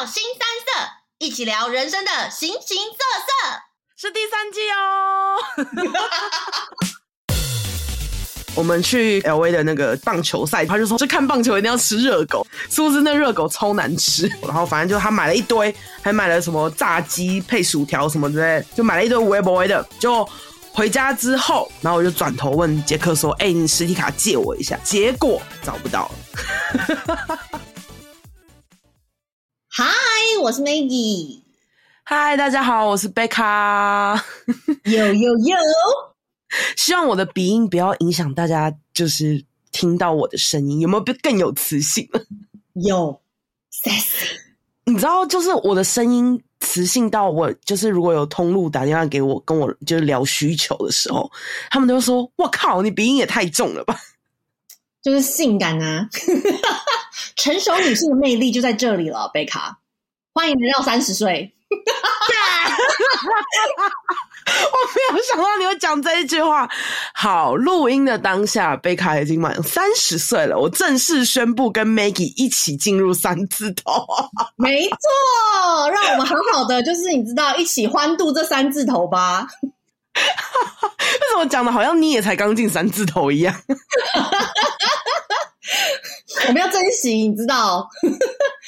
腥羶色一起聊人生的形形色色，是第三季哦。 我們去 LA 的那個棒球賽，他就說這看棒球一定要吃熱狗，是不是那熱狗超難吃。然後反正就他買了一堆，還買了什麼炸雞配薯條什麼之類，就買了一堆有的沒的。就回家之後，然後我就轉頭問傑克說：“哎、欸，你實體卡借我一下？”結果找不到了。 嗨，Hi, 我是 Maggie。嗨，大家好，我是貝卡。有有有，希望我的鼻音不要影響大家，就是聽到我的聲音有沒有更更有磁性？有 sexy， 你知道，就是我的聲音磁性到我，就是如果有通路打電話給我，跟我就是聊需求的時候，他們都說：“我靠，你鼻音也太重了吧！”就是性感啊。 成熟女性的魅力就在這裡了，貝卡，歡迎來到三十歲。對 我沒有想到你會講這一句話。好，錄音的當下，貝卡已經滿三十歲了，我正式宣布跟 Maggie 一起進入三字頭。沒錯，讓我們好好的， 就是你知道，一起歡度這三字頭吧。 為什麼講的，好像你也才剛進三字頭一樣。 我們、哦、 要珍惜，你知道，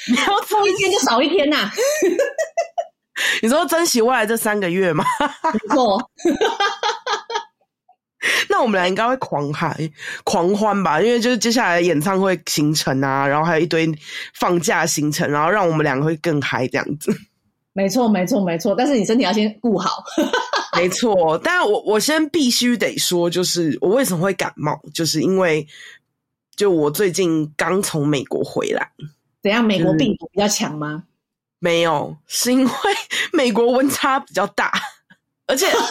你要抽一天就少一天吶、啊。你說珍惜未來這三個月嗎？沒錯。那我們倆應該會狂嗨狂歡吧，因為就是接下來演唱會行程啊，然後還有一堆放假行程，然後讓我們兩個會更嗨這樣子沒錯。沒錯，沒錯，沒錯。但是你身體要先顧好。沒錯，但是我我先必須得說，就是我為什麼會感冒，就是因為。就我最近剛從美國回來，怎樣？美國病毒比較強嗎？嗯，沒有，是因為美國溫差比較大，而且我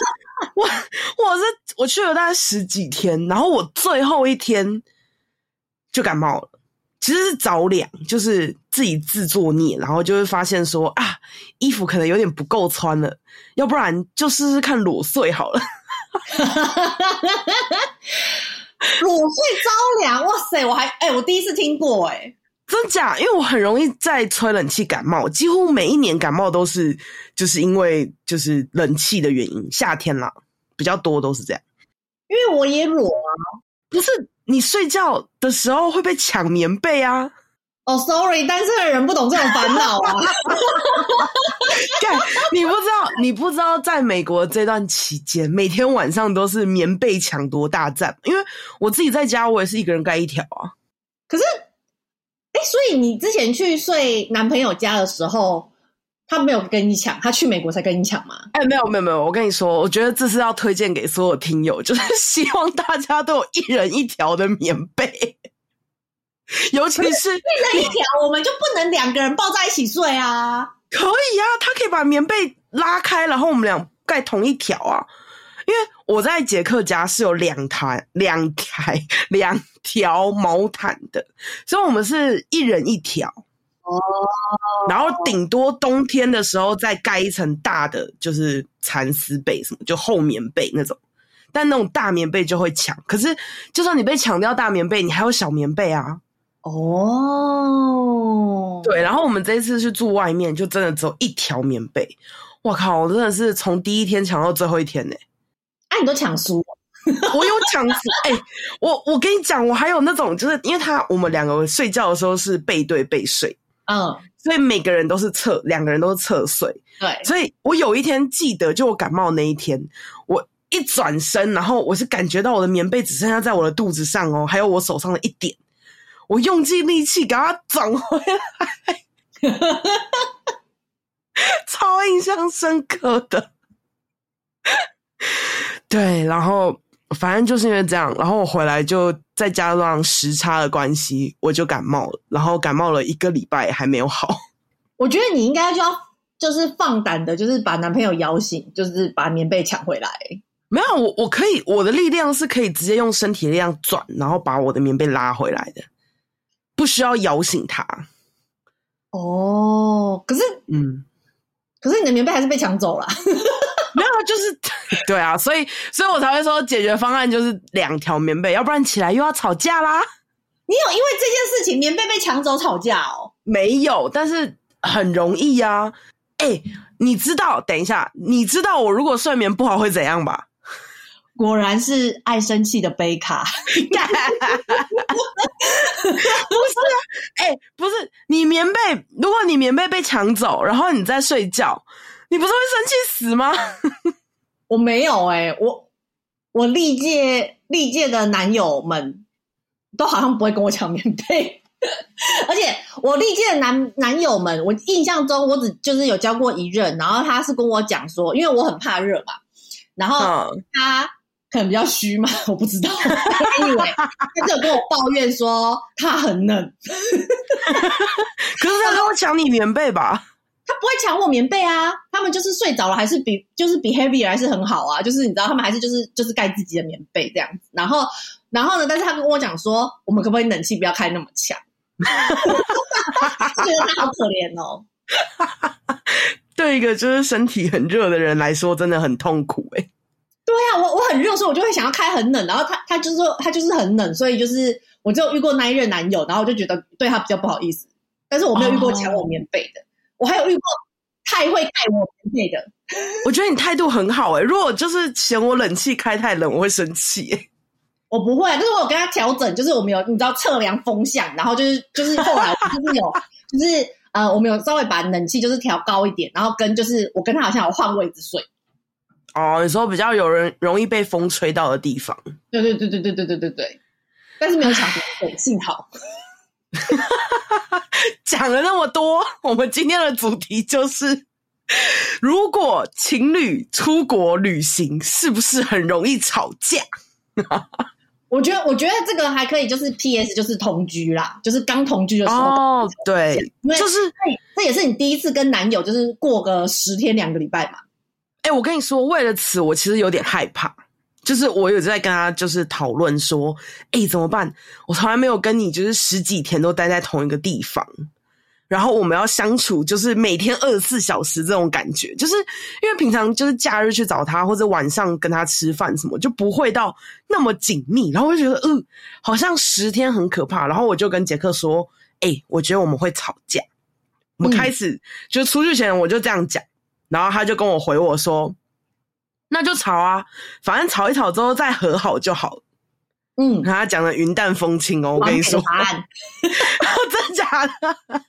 我，我是我去了大概十幾天，然後我最後一天就感冒了，其實是着涼，就是自己自作孽。然後就會發現說，啊，衣服可能有點不夠穿了，要不然就試試看裸睡好了。 裸睡着涼，哇塞！我還誒、欸、我第一次聽過誒、欸、真假？因為我很容易在吹冷氣感冒，幾乎每一年感冒都是就是因為就是冷氣的原因，夏天啦比較多都是這樣。因為我也裸啊，不是你睡覺的時候會被搶棉被啊。哦、oh，Sorry，單身的人不懂這種煩惱啊！ 你不知道，你不知道，在美國這段期間，每天晚上都是棉被搶奪大戰。因為我自己在家，我也是一個人蓋一條啊。可是，哎、欸，所以你之前去睡男朋友家的時候，他沒有跟你搶，他去美國才跟你搶嗎？哎，沒有，沒有，沒有。我跟你說，我覺得這是要推薦給所有聽友，就是希望大家都有一人一條的棉被。 尤其是一人一條，我們就不能兩個人抱在一起睡啊！可以啊，他可以把棉被拉開，然後我們倆蓋同一條啊。因為我在傑克家是有兩台、兩台、兩條毛毯的，所以我們是一人一條哦。然後頂多冬天的時候再蓋一層大的，就是蠶絲被什麼，就厚棉被那種。但那種大棉被就會搶，可是就算你被搶掉大棉被，你還有小棉被啊。哦，oh、對，然後我們這一次去住外面，就真的只有一條棉被。我靠，我真的是從第一天搶到最後一天呢、欸。啊，你都搶輸、 欸，我有搶輸，哎，我我跟你講，我還有那種，就是因為他我們兩個睡覺的時候是背對背睡，嗯，oh. 所以每個人都是側，兩個人都是側睡。對，所以我有一天記得，就我感冒那一天，我一轉身，然後我是感覺到我的棉被只剩下在我的肚子上哦，還有我手上的一點。我用盡力氣給他轉回來， 超印象深刻的。對，然後反正就是因為這樣，然後我回來就再加上時差的關係，我就感冒了。然後感冒了一個禮拜還沒有好。我覺得你應該就要就是放膽的，就是把男朋友搖醒，就是把棉被搶回來。沒有，我我可以，我的力量是可以直接用身體力量轉，然後把我的棉被拉回來的。不需要搖醒他哦。可是，嗯，可是你的棉被還是被搶走了？沒有，就是對啊，所以，所以我才會說解決方案就是兩條棉被，要不然起來又要吵架啦。你有因為這件事情棉被被搶走吵架哦？沒有，但是很容易啊。欸，你知道，等一下，你知道我如果睡眠不好會怎樣吧？果然是愛生氣的貝卡 不、欸，不是？哎，不是你棉被，如果你棉被被搶走，然後你在睡覺，你不是會生氣死嗎？ 我沒有哎、欸，我我歷屆歷屆的男友們，都好像不會跟我搶棉被， 而且我歷屆的男男友們，我印象中我只就是有交過一任，然後他是跟我講說，因為我很怕熱嘛，然後他，嗯可能比較虛嘛，我不知道。他 有跟我抱怨說他很冷， 可是他跟我搶你棉被吧？他不會搶我棉被啊！他們就是睡着了，還是比就是比 behavior 還是很好啊！就是你知道，他們還是就是就是蓋自己的棉被這樣子。然後然後呢？但是他跟我講說，我們可不可以冷氣不要開那麼強？ 覺得他好可憐哦。 對一個就是身體很熱的人來說，真的很痛苦哎、欸。對呀、啊，我我很熱，所以我就會想要開很冷。然後他他就是說他就是很冷，所以就是我就遇過那一任男友，然後我就覺得對他比較不好意思。但是我沒有遇過搶我棉被的，oh. 我還有遇過太會蓋我棉被的。我覺得你態度很好哎、欸，如果就是嫌我冷氣開太冷，我會生氣、欸。我不會、啊，但、就是我有跟他調整，就是我們有你知道測量風向，然後就是就是後來就是有 就是呃，我們有稍微把冷氣就是調高一點，然後跟就是我跟他好像有換位置睡。哦，oh, 有時候比較有人容易被風吹到的地方。對對對對對對對對對。但是沒有搶，本性唉幸好。講 了那麼多，我們今天的主題就是：如果情侶出國旅行，是不是很容易吵架？ 我覺得，我覺得這個還可以，就是 P.S. 就是同居啦，就是剛同居的時候。哦，oh, 對，因為 就是這也是你第一次跟男友，就是過個十天兩個禮拜嘛。哎、欸，我跟你說，為了此，我其實有點害怕。就是我有在跟他就是討論說，哎、欸，怎麼辦？我從來沒有跟你就是十幾天都待在同一個地方，然後我們要相處就是每天二十四小時這種感覺，就是因為平常就是假日去找他或者晚上跟他吃飯什麼，就不會到那麼緊密。然後我就覺得，嗯、呃，好像十天很可怕。然後我就跟傑克說，哎、欸，我覺得我們會吵架。我們開始、嗯、就是出去前我就這樣講。然後他就跟我回我說：“那就吵啊，反正吵一吵之後再和好就好。”嗯，然後他講的雲淡風輕哦，我跟你說， 真假的？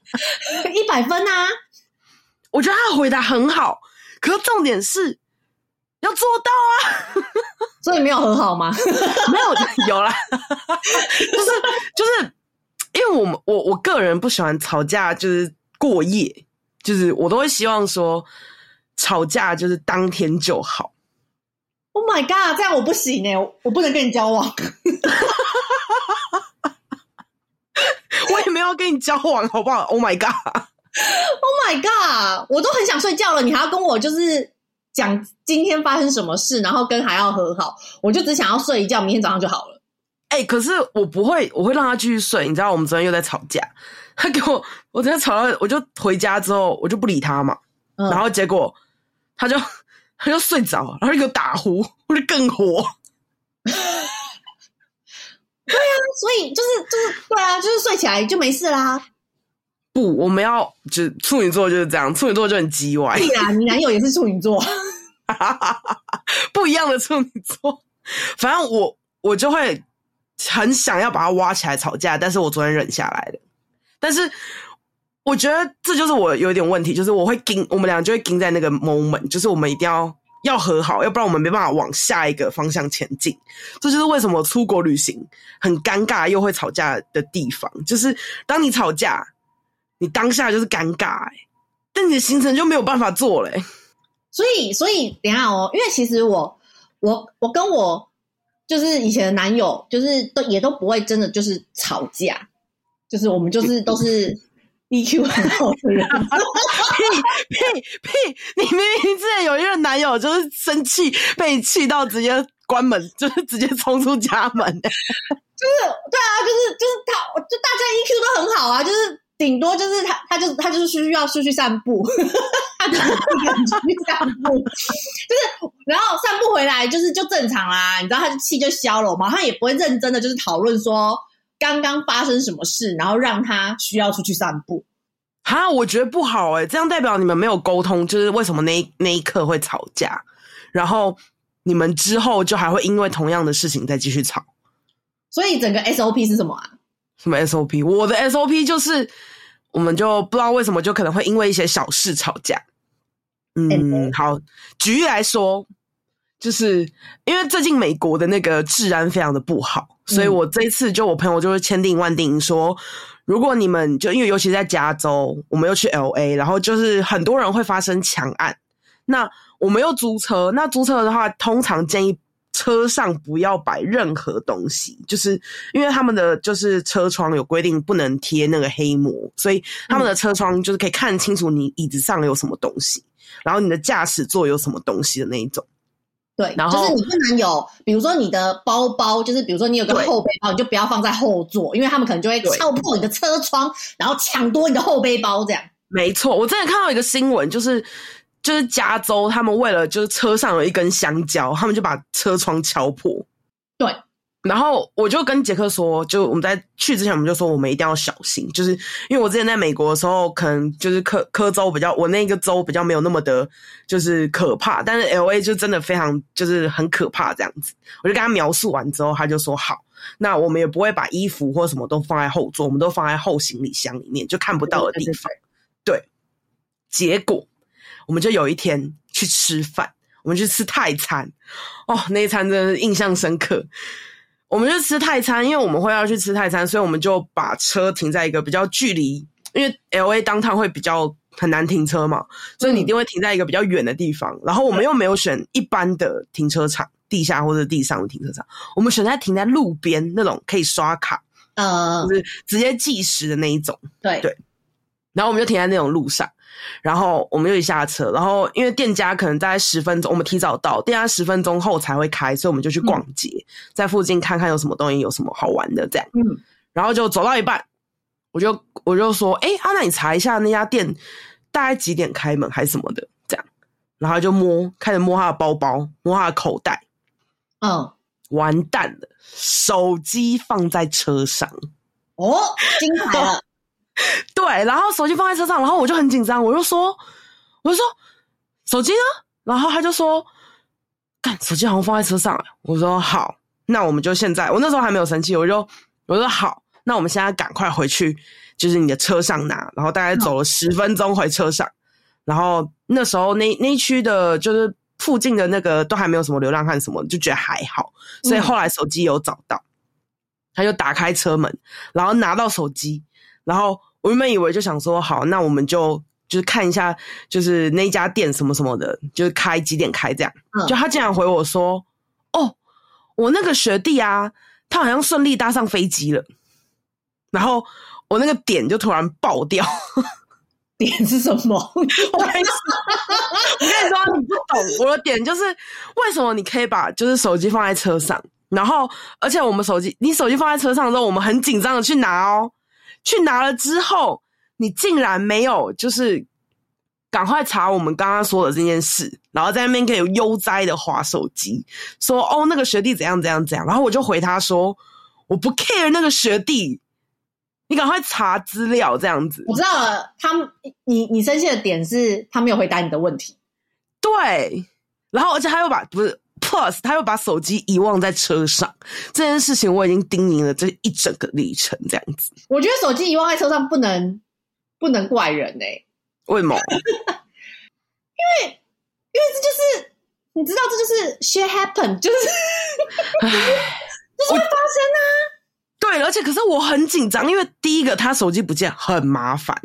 一百分啊！我覺得他回答很好，可是重點是要做到啊！ 所以沒有和好嗎？ 沒有，有啦。 就是就是，因為我們我我個人不喜歡吵架，就是過夜，就是我都會希望說。吵架就是當天就好。Oh my god，這樣我不行哎、欸，我不能跟你交往。 我也沒有跟你交往，好不好？Oh my god，Oh my god，我都很想睡覺了，你還要跟我就是講今天發生什麼事，然後跟還要和好，我就只想要睡一覺，明天早上就好了。哎、欸，可是我不會，我會讓他繼續睡，你知道，我們昨天又在吵架，他給我，我昨天吵到，我就回家之後，我就不理他嘛，然後結果。嗯他就他就睡着，然後又打呼，我就更火。 對啊，所以就是就是對啊，就是睡起來就沒事啦。不，我們要就處女座就是這樣，處女座就很嘰歪。對啊，你男友也是處女座，不一樣的處女座。反正我我就會很想要把他挖起來吵架，但是我昨天忍下來的，但是。我覺得這就是我有一點問題，就是我會跟我們倆就會跟在那個 moment，就是我們一定要要和好，要不然我們沒辦法往下一個方向前進。這就是為什麼出國旅行很尷尬又會吵架的地方，就是當你吵架，你當下就是尷尬、欸，但你的行程就沒有辦法做嘞、欸。所以，所以等一下哦，因為其實我我我跟我就是以前的男友，就是都也都不會真的就是吵架，就是我們就是都是。 EQ 很好的人，啊，呸呸呸！你明明之前有一任男友，就是生氣被氣到直接關門，就是直接衝出家門，就是對啊，就是就是他，就大家 EQ 都很好啊，就是頂多就是他，他就他就是需要出去散步，他哈出去散步，就是然後散步回來就是就正常啦，你知道他就氣就消了，他也不會認真的就是討論說。剛剛發生什麼事，然後讓他需要出去散步，哈，我覺得不好哎，這樣代表你們沒有溝通，就是為什麼那那一刻會吵架，然後你們之後就還會因為同樣的事情再繼續吵，所以整個 SOP 是什麼啊？什麼 SOP？我的 SOP 就是我們就不知道為什麼就可能會因為一些小事吵架，嗯，好，舉例來說。就是因為最近美國的那個治安非常的不好，所以我這一次就我朋友就會千叮萬叮說，嗯、如果你們就因為尤其在加州，我們又去 LA，然後就是很多人會發生搶案。那我們又租車，那租車的話，通常建議車上不要擺任何東西，就是因為他們的就是車窗有規定不能貼那個黑膜，所以他們的車窗就是可以看清楚你椅子上有什麼東西，然後你的駕駛座有什麼東西的那一種。對，然後就是你不能有，比如說你的包包，就是比如說你有個後背包，對你就不要放在後座，因為他們可能就會敲破你的車窗，對然後搶奪你的後背包這樣。沒錯，我真的看到一個新聞，就是就是加州，他們為了就是車上有一根香蕉，他們就把車窗敲破。對。然後我就跟傑克說，就我們在去之前，我們就說我們一定要小心，就是因為我之前在美國的時候，可能就是科科州比較，我那個州比較沒有那麼的，就是可怕，但是 LA 就真的非常，就是很可怕這樣子。我就跟他描述完之後，他就說好，那我們也不會把衣服或什麼都放在後座，我們都放在後行李箱裡面，就看不到的地方。對，對，對，結果我們就有一天去吃飯，我們去吃泰餐，哦，那一餐真的印象深刻。我們就吃泰餐，因為我們會要去吃泰餐，所以我們就把車停在一個比較距離，因為 L A 當趟會比較很難停車嘛，所以你一定會停在一個比較遠的地方。嗯、然後我們又沒有選一般的停車場，地下或者地上的停車場，我們選在停在路邊那種可以刷卡，呃、嗯，就是直接計時的那一種。對對，然後我們就停在那種路上。然後我們就一下車，然後因為店家可能在十分鐘，我們提早到，店家十分鐘後才會開，所以我們就去逛街，嗯、在附近看看有什麼東西，有什麼好玩的這樣。嗯、然後就走到一半，我就我就說，哎，阿娜你查一下那家店大概幾點開門還是什麼的這樣。然後就摸，開始摸他的包包，摸他的口袋，嗯、哦，完蛋了，手機放在車上，哦，精彩了。 對，然後手機放在車上，然後我就很緊張，我就說，我就說手機呢？然後他就說，幹，手機好像放在車上了。我說好，那我們就現在，我那時候還沒有生氣，我就我說好，那我們現在趕快回去，就是你的車上拿。然後大概走了十分鐘回車上，嗯、然後那時候那那一區的，就是附近的那個都還沒有什麼流浪漢什麼，就覺得還好，所以後來手機有找到，他就打開車門，然後拿到手機，然後。我原本以為就想說好，那我們就就是看一下，就是那家店什麼什麼的，就是開幾點開這樣。就他竟然回我說：“嗯、哦，我那個學弟啊，他好像順利搭上飛機了。”然後我那個點就突然爆掉。點是什麼？我跟你說，你不懂我的點就是為什麼你可以把就是手機放在車上，然後而且我們手機，你手機放在車上的時候，我們很緊張的去拿哦。去拿了之後，你竟然沒有就是趕快查我們剛剛說的這件事，然後在那邊可以有悠哉的滑手機，說哦那個學弟怎樣怎樣怎樣，然後我就回他說我不 care 那個學弟，你趕快查資料這樣子。我知道了，他你你生氣的點是他沒有回答你的問題，對，然後而且他又把不是。Plus，他又把手機遺忘在車上這件事情，我已經叮嚀了這一整個歷程這樣子。我覺得手機遺忘在車上不能不能怪人哎、欸，為什麼？ 因為因為這就是你知道，這就是 shit happen，就是、啊、 就是會發生啊。對，而且可是我很緊張，因為第一個他手機不見很麻煩，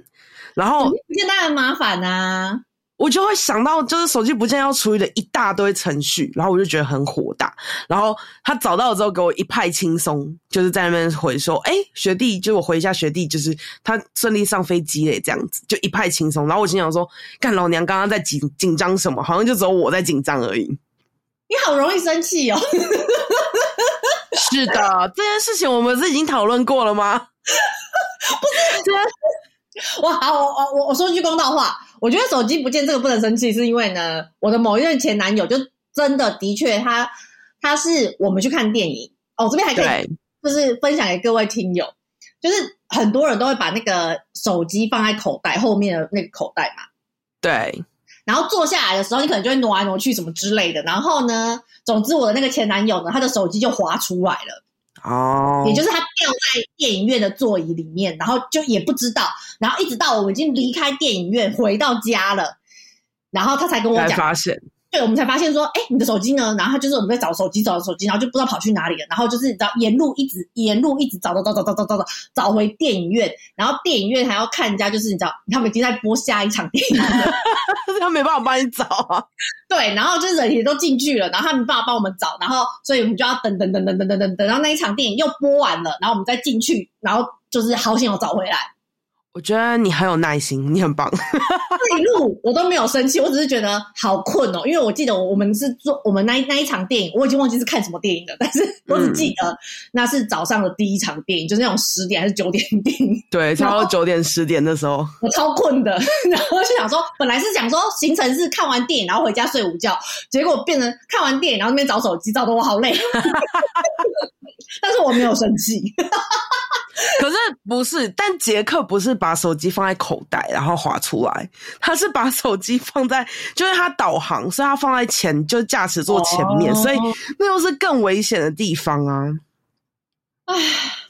然後現在很麻煩吶、啊。我就會想到，就是手機不見要處理的一大堆程序，然後我就覺得很火大。然後他找到了之後，給我一派輕鬆，就是在那邊回說：“誒、欸、學弟，就我回一下學弟，就是他順利上飛機嘞，這樣子就一派輕鬆。”然後我心想說：“幹老娘剛剛在緊緊張什麼？好像就只有我在緊張而已。”你好容易生氣哦！ 是的，這件事情我們是已經討論過了嗎？ 不是，哇好的，我我我我說句公道話。我覺得手機不見這個不能生氣，是因為呢，我的某一任前男友就真的的確他他是我們去看電影哦，這邊還可以，就是分享給各位聽友，對就是很多人都會把那個手機放在口袋後面的那個口袋嘛，對，然後坐下來的時候，你可能就會挪來挪去什麼之類的，然後呢，總之我的那個前男友呢，他的手機就滑出來了。哦，也就是他掉在電影院的座椅裡面，然後就也不知道，然後一直到我已經離開電影院回到家了，然後他才跟我講，發現。對，我們才發現說，哎，你的手機呢？然後就是我們在找手機，找手機，然後就不知道跑去哪裡了。然後就是你知道，沿路一直沿路一直找找找找找找找找，找回電影院。然後電影院還要看人家，就是你知道，他們已經在播下一場電影了。 他沒辦法幫你找啊。對，然後就是人也都進去了，然後他沒辦法幫我們找，然後所以我們就要等等等等等等等等，等到那一場電影又播完了，然後我們再進去，然後就是好險要找回來。我覺得你很有耐心，你很棒。這 一路我都沒有生氣，我只是覺得好困哦、喔，因為我記得我們是做我們那那一場電影，我已經忘記是看什麼電影了，但是我只記得那是早上的第一場電影，嗯、就是那種十點還是九點電影？對，差不多九點十點的時候，我超困的，然後就想說，本來是想說行程是看完電影然後回家睡午覺，結果變成看完電影然後那邊找手機，找的我好累。 但是我沒有生氣。不是，但傑克不是把手機放在口袋，然後滑出來。他是把手機放在，就是他導航所以他放在前，就是駕駛座前面，哦、所以那又是更危險的地方啊！哎，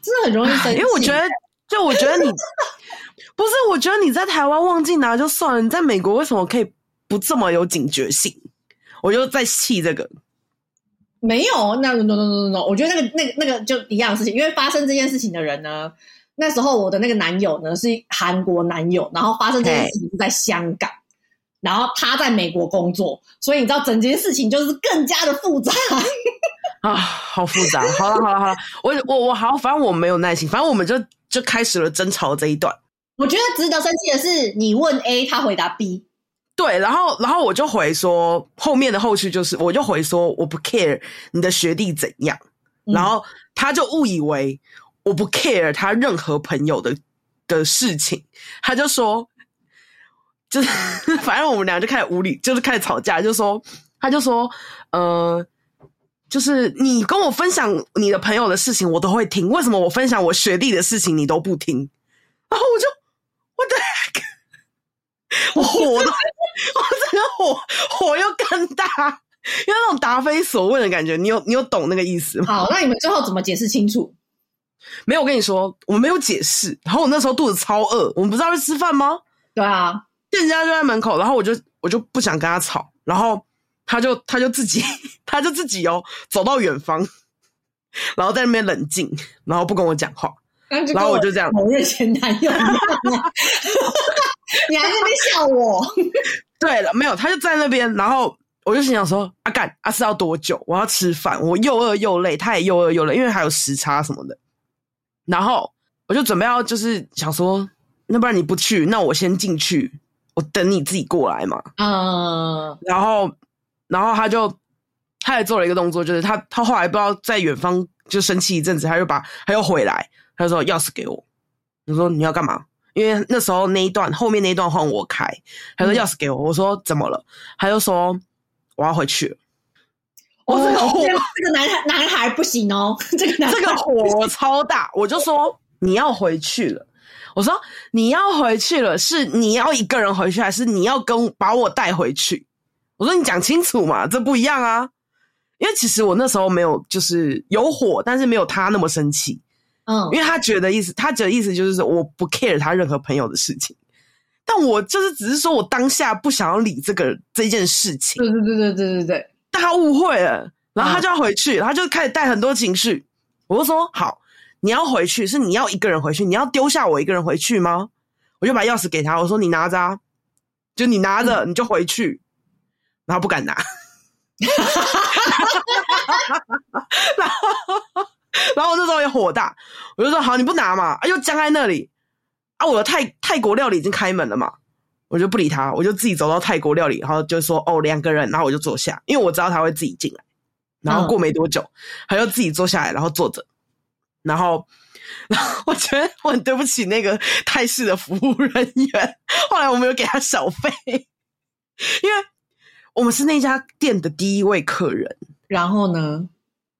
真的很容易生氣，因為我覺得，就我覺得你 不是，我覺得你在台灣忘記拿就算了，你在美國為什麼可以不這麼有警覺性？我就在氣這個。沒有，那 no no no no 我覺得那個、那個、那個就一樣的事情，因為發生這件事情的人呢。那時候我的那個男友呢，是韓國男友，然後發生這件事情是在香港，欸、然後他在美國工作，所以你知道整件事情就是更加的複雜啊， 啊好複雜。好了好了好了，我我我好，反正我沒有耐心，反正我們就就開始了爭吵這一段。我覺得值得生氣的是你問 A，他回答 B，對，然後然後我就回說後面的後續就是，我就回說我不 care 你的學弟怎樣，然後他就誤以為。我不 care 他任何朋友的的事情，他就說，就是反正我們倆就開始無理，就是開始吵架，就說，他就說，呃，就是你跟我分享你的朋友的事情，我都會聽，為什麼我分享我學弟的事情你都不聽？然後我就，我的我火的， 我真的火火又更大，因為那種答非所問的感覺，你有你有懂那個意思嗎？好，那你們最後怎麼解釋清楚？沒有，我跟你說，我沒有解釋。然後我那時候肚子超餓，我們不是要去吃飯嗎？對啊，店家就在門口，然後我就我就不想跟他吵，然後他就他就自己他就自己哦走到遠方，然後在那邊冷靜，然後不跟我講話，然後我就這樣承認前男友，啊。 你還在那笑我？對了，沒有，他就在那邊，然後我就心想說：阿、啊、幹，阿、啊、是要多久？我要吃飯，我又餓又累，他也又餓又累，因為還有時差什麼的。然後我就準備要，就是想說，那不然你不去，那我先進去，我等你自己過來嘛。嗯、uh。然後，然後他就，他也做了一個動作，就是他他後來不知道在遠方就生氣一陣子，他就把他又回來，他就說鑰匙給我。我說你要幹嘛？因為那時候那一段後面那一段換我開，他說、嗯、鑰匙給我，我說怎麼了？他就說我要回去了。我、哦、這個火，哦、這個男孩男孩不行哦，這個男孩這個火超大， 我就說你要回去了。我說你要回去了，是你要一個人回去，還是你要跟把我帶回去？我說你講清楚嘛，這不一樣啊。因為其實我那時候沒有，就是有火，但是沒有他那麼生氣。嗯，因為他覺得意思，他覺得意思就是說，我不 care 他任何朋友的事情。但我就是只是說我當下不想要理這個這件事情。對對對對對對對。大誤會了，然後他就要回去，啊、他就開始帶很多情緒。我就說：“好，你要回去是你要一個人回去，你要丟下我一個人回去嗎？”我就把鑰匙給他，我說：“你拿着、啊，就你拿着、嗯、你就回去。”然後不敢拿，然後 然後我那時候也火大，我就說：“好，你不拿嘛？”啊，又僵在那裡啊！我的泰泰國料理已經開門了嘛。我就不理他，我就自己走到泰國料理，然後就說：“哦，兩個人。”然後我就坐下，因為我知道他會自己進來。然後過沒多久，嗯、他又自己坐下來，然後坐着。然後，然後我覺得我很對不起那個泰式的服務人員。後來我們有給他小費，因為我們是那家店的第一位客人。然後呢，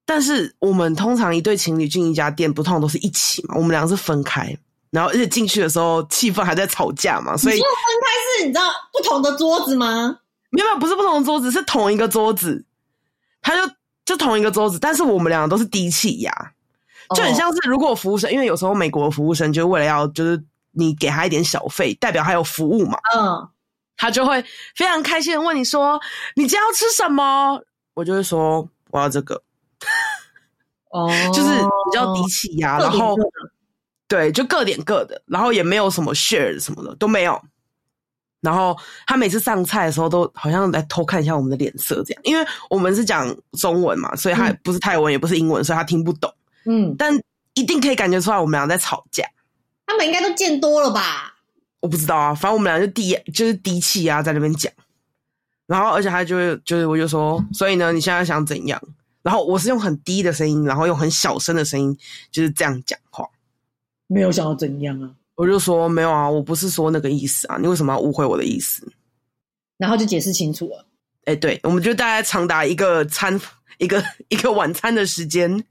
但是我們通常一對情侶進一家店，不通常都是一起嘛，我們兩個是分開。然後而且進去的時候，氣氛還在吵架嘛，所以分開是你知道不同的桌子嗎？沒有，沒有，不是不同桌子，是同一個桌子。他就就同一個桌子，但是我們兩個都是低氣壓，就很像是如果服務生，因為有時候美國服務生就為了要就是你給他一點小費，代表還有服務嘛，嗯，他就會非常開心的問你說：“你今天要吃什麼？”我就會說：“我要這個。”哦， 就是比較低氣壓，然後。對，就各點各的，然後也沒有什麼 share 什麼的都沒有。然後他每次上菜的時候，都好像來偷看一下我們的臉色這樣，因為我們是講中文嘛，所以他不是泰文，也不是英文，嗯、所以他聽不懂。嗯，但一定可以感覺出來我們倆在吵架。他們應該都見多了吧？我不知道啊，反正我們倆就低，就是低氣壓、啊、在那邊講。然後，而且他就會，就是我就說，所以呢，你現在想怎樣？然後我是用很低的聲音，然後用很小聲的聲音，就是這樣講話。沒有想要怎樣啊？我就說沒有啊，我不是說那個意思啊。你為什麼要誤會我的意思？然後就解釋清楚了。誒、欸、對，我們就大概長達一個餐一個一個晚餐的時間，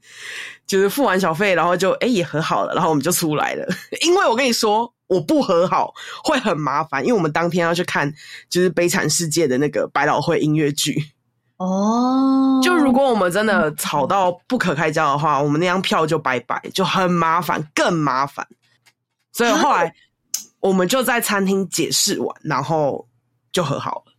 就是付完小費，然後就誒、欸、也和好了，然後我們就出來了。 因為我跟你說，我不和好會很麻煩，因為我們當天要去看就是《悲慘世界》的那個百老匯音樂劇。哦，oh, 就如果我們真的吵到不可開交的話，嗯、我們那張票就拜拜，就很麻煩，更麻煩。所以後來我們就在餐廳解釋完，然後就和好了。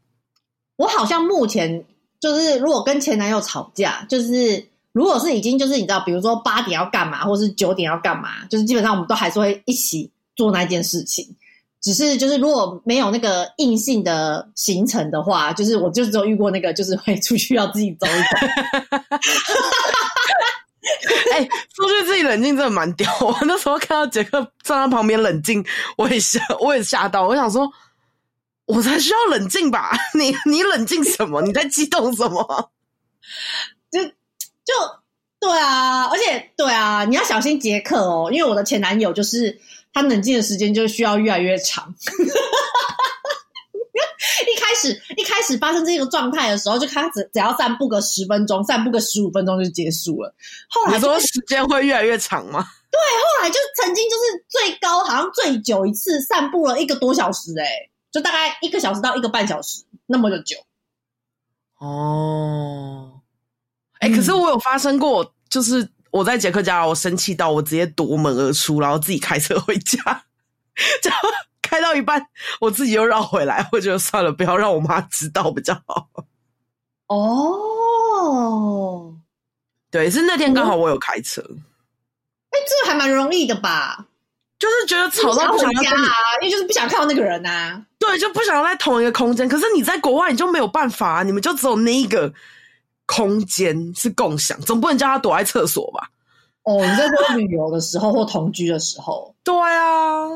我好像目前就是，如果跟前男友吵架，就是如果是已經就是你知道，比如說八點要幹嘛，或是九點要幹嘛，就是基本上我們都還是會一起做那件事情。只是就是，如果沒有那個硬性的行程的話，就是我就是只有遇過那個，就是會出去要自己走一走。哎，出去自己冷靜真的蠻屌。我那時候看到傑克站在旁邊冷靜，我也嚇，我也嚇到。我想說，我才需要冷靜吧？你你冷靜什麼？你在激動什麼？ 就就對啊，而且對啊，你要小心傑克哦，因為我的前男友就是。他冷靜的時間就需要越來越長。 一開始一開始發生這個狀態的時候就看他，就開只只要散步個十分鐘，散步個十五分鐘就結束了。後來你說時間會越來越長嗎？對，後來就曾經就是最高好像最久一次散步了一個多小時，欸，哎，就大概一個小時到一個半小時那麼久。哦，哎、欸，嗯、可是我有發生過，就是。我在傑克家，我生氣到我直接奪門而出，然後自己開車回家。這 樣開到一半，我自己又繞回來。我覺得算了，不要讓我媽知道比較好。哦，oh. 對，是那天剛好我有開車。誒、oh. 欸、這還蠻容易的吧？就是覺得吵到不想回家啊，因為就是不想看到那個人啊。對，就不想要在同一個空間。可是你在國外，你就沒有辦法、啊，你們就只有那一個。空間是共享，總不能叫他躲在廁所吧？哦，你在做旅遊的時候 或同居的時候，對啊，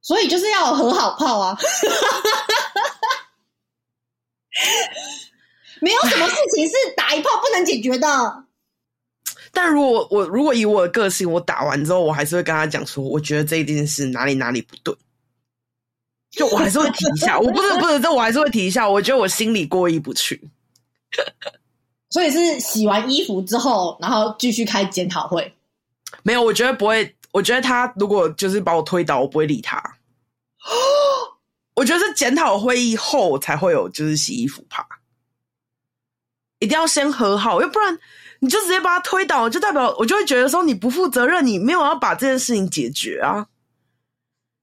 所以就是要和好炮啊，沒有什麼事情是打一炮不能解決的。 但如果我如果以我的個性，我打完之後，我還是會跟他講說，我覺得這件事哪裡哪裡不對，就我還是會提一下。 我不是不是這，我還是會提一下。我覺得我心裡過意不去。 所以是洗完衣服之後，然後繼續開檢討會。沒有，我覺得不會。我覺得他如果就是把我推倒，我不會理他。 我覺得是檢討會議後才會有，就是洗衣服吧。一定要先和好，要不然你就直接把他推倒，就代表我就會覺得說你不負責任，你沒有要把這件事情解決啊。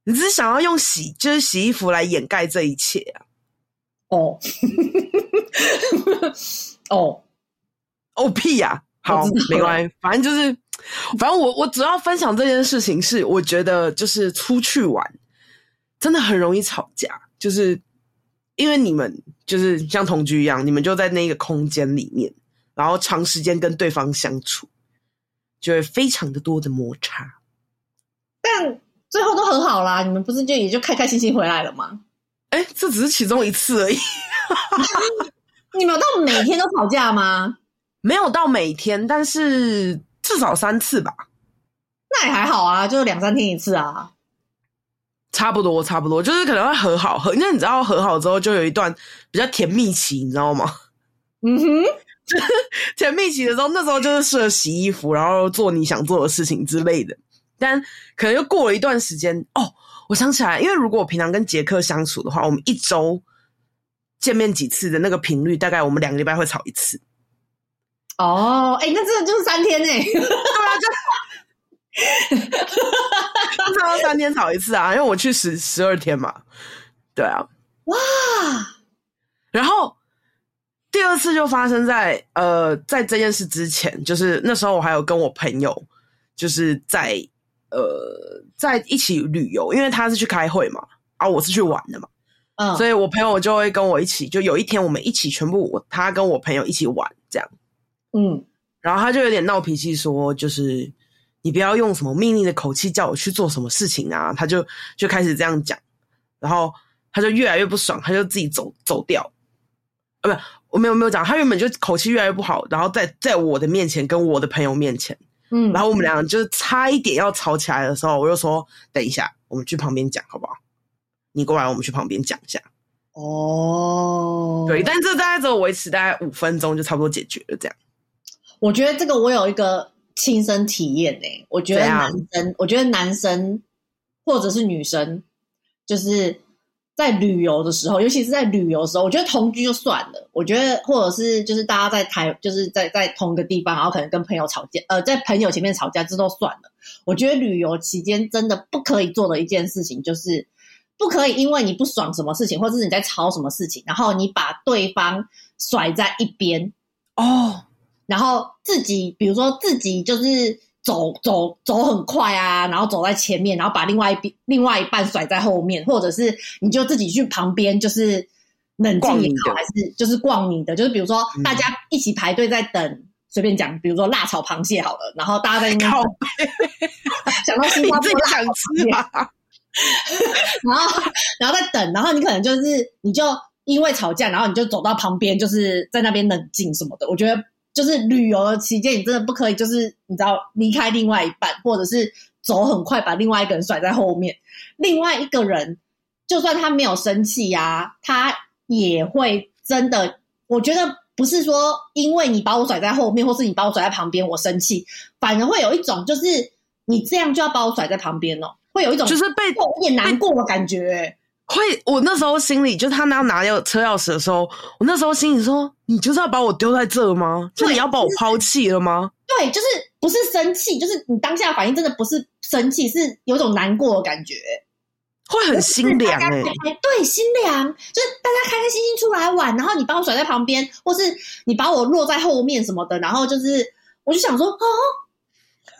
你只是想要用洗，就是洗衣服來掩蓋這一切啊。哦，哦。哦屁呀、啊！好，沒關係，反正就是，反正我我主要分享這件事情是，我覺得就是出去玩真的很容易吵架，就是因為你們就是像同居一樣，你們就在那個空間裡面，然後長時間跟對方相處，就會非常的多的摩擦。但最後都很好啦，你們不是就也就開開心心回來了嗎？哎、欸，這只是其中一次而已。 你們有到每天都吵架嗎？沒有到每天，但是至少三次吧。那也還好啊，就是兩三天一次啊。差不多，差不多，就是可能會和好和，因為你知道和好之後就有一段比較甜蜜期，你知道嗎？嗯哼， 就是甜蜜期的時候，那時候就是適合洗衣服，然後做你想做的事情之類的。但可能又過了一段時間哦，我想起來，因為如果我平常跟傑克相處的話，我們一周見面幾次的那個頻率，大概我們兩個禮拜會吵一次。哦，哎、Oh, 欸，那這就是三天呢？欸。對啊，就，哈哈哈三天吵一次啊，因為我去十十二天嘛，對啊，哇，Wow. 然後第二次就發生在呃，在這件事之前，就是那時候我還有跟我朋友就是在呃在一起旅遊，因為他是去開會嘛，啊，我是去玩的嘛，嗯，Oh. 所以我朋友就會跟我一起，就有一天我們一起全部我他跟我朋友一起玩這樣。嗯，然後他就有點鬧脾氣，說：“就是你不要用什麼命令的口氣叫我去做什麼事情啊！”他就就開始這樣講，然後他就越來越不爽，他就自己走走掉。啊，不，我沒有沒有講，他原本就口氣越來越不好，然後在在我的面前，跟我的朋友面前，嗯，然後我們倆就差一點要吵起來的時候，我就說：“等一下，我們去旁邊講好不好？你過來，我們去旁邊講一下。”哦，對，但這大概只有維持大概五分鐘，就差不多解決了這樣。我覺得這個我有一個親身體驗呢。我覺得男生，我覺得男生或者是女生，就是在旅遊的時候，尤其是在旅遊的時候，我覺得同居就算了。我覺得或者是就是大家在台，就是在在同一個地方，然後可能跟朋友吵架，呃，在朋友前面吵架這都算了。我覺得旅遊期間真的不可以做的一件事情，就是不可以因為你不爽什麼事情，或者是你在吵什麼事情，然後你把對方甩在一邊哦。然後自己，比如說自己就是走走走很快啊，然後走在前面，然後把另外一另外一半甩在後面，或者是你就自己去旁邊，就是冷靜也好，還是就是逛你的，就是比如說大家一起排隊在等，嗯、隨便講，比如說辣炒螃蟹好了，然後大家在那邊北 想到西瓜，自己想吃 然後然後在等，然後你可能就是你就因為吵架，然後你就走到旁邊，就是在那邊冷靜什麼的，我覺得。就是旅遊的期間，你真的不可以，就是你知道離開另外一半，或者是走很快把另外一個人甩在後面。另外一個人，就算他沒有生氣呀，他也會真的。我覺得不是說因為你把我甩在後面，或是你把我甩在旁邊，我生氣，反而會有一種就是你這樣就要把我甩在旁邊哦，會有一種就是被有點難過的感覺、欸。會，我那時候心裡就他要拿要車鑰匙的時候，我那時候心裡說：你就是要把我丟在這嗎？對就你要把我拋棄了嗎？對，就是不是生氣，就是你當下的反應真的不是生氣，是有種難過的感覺，會很心涼哎。對，心涼，就是大家開開心心出來玩，然後你把我甩在旁邊，或是你把我落在後面什麼的，然後就是我就想說，哦。都是哈，都 嗎？對啊，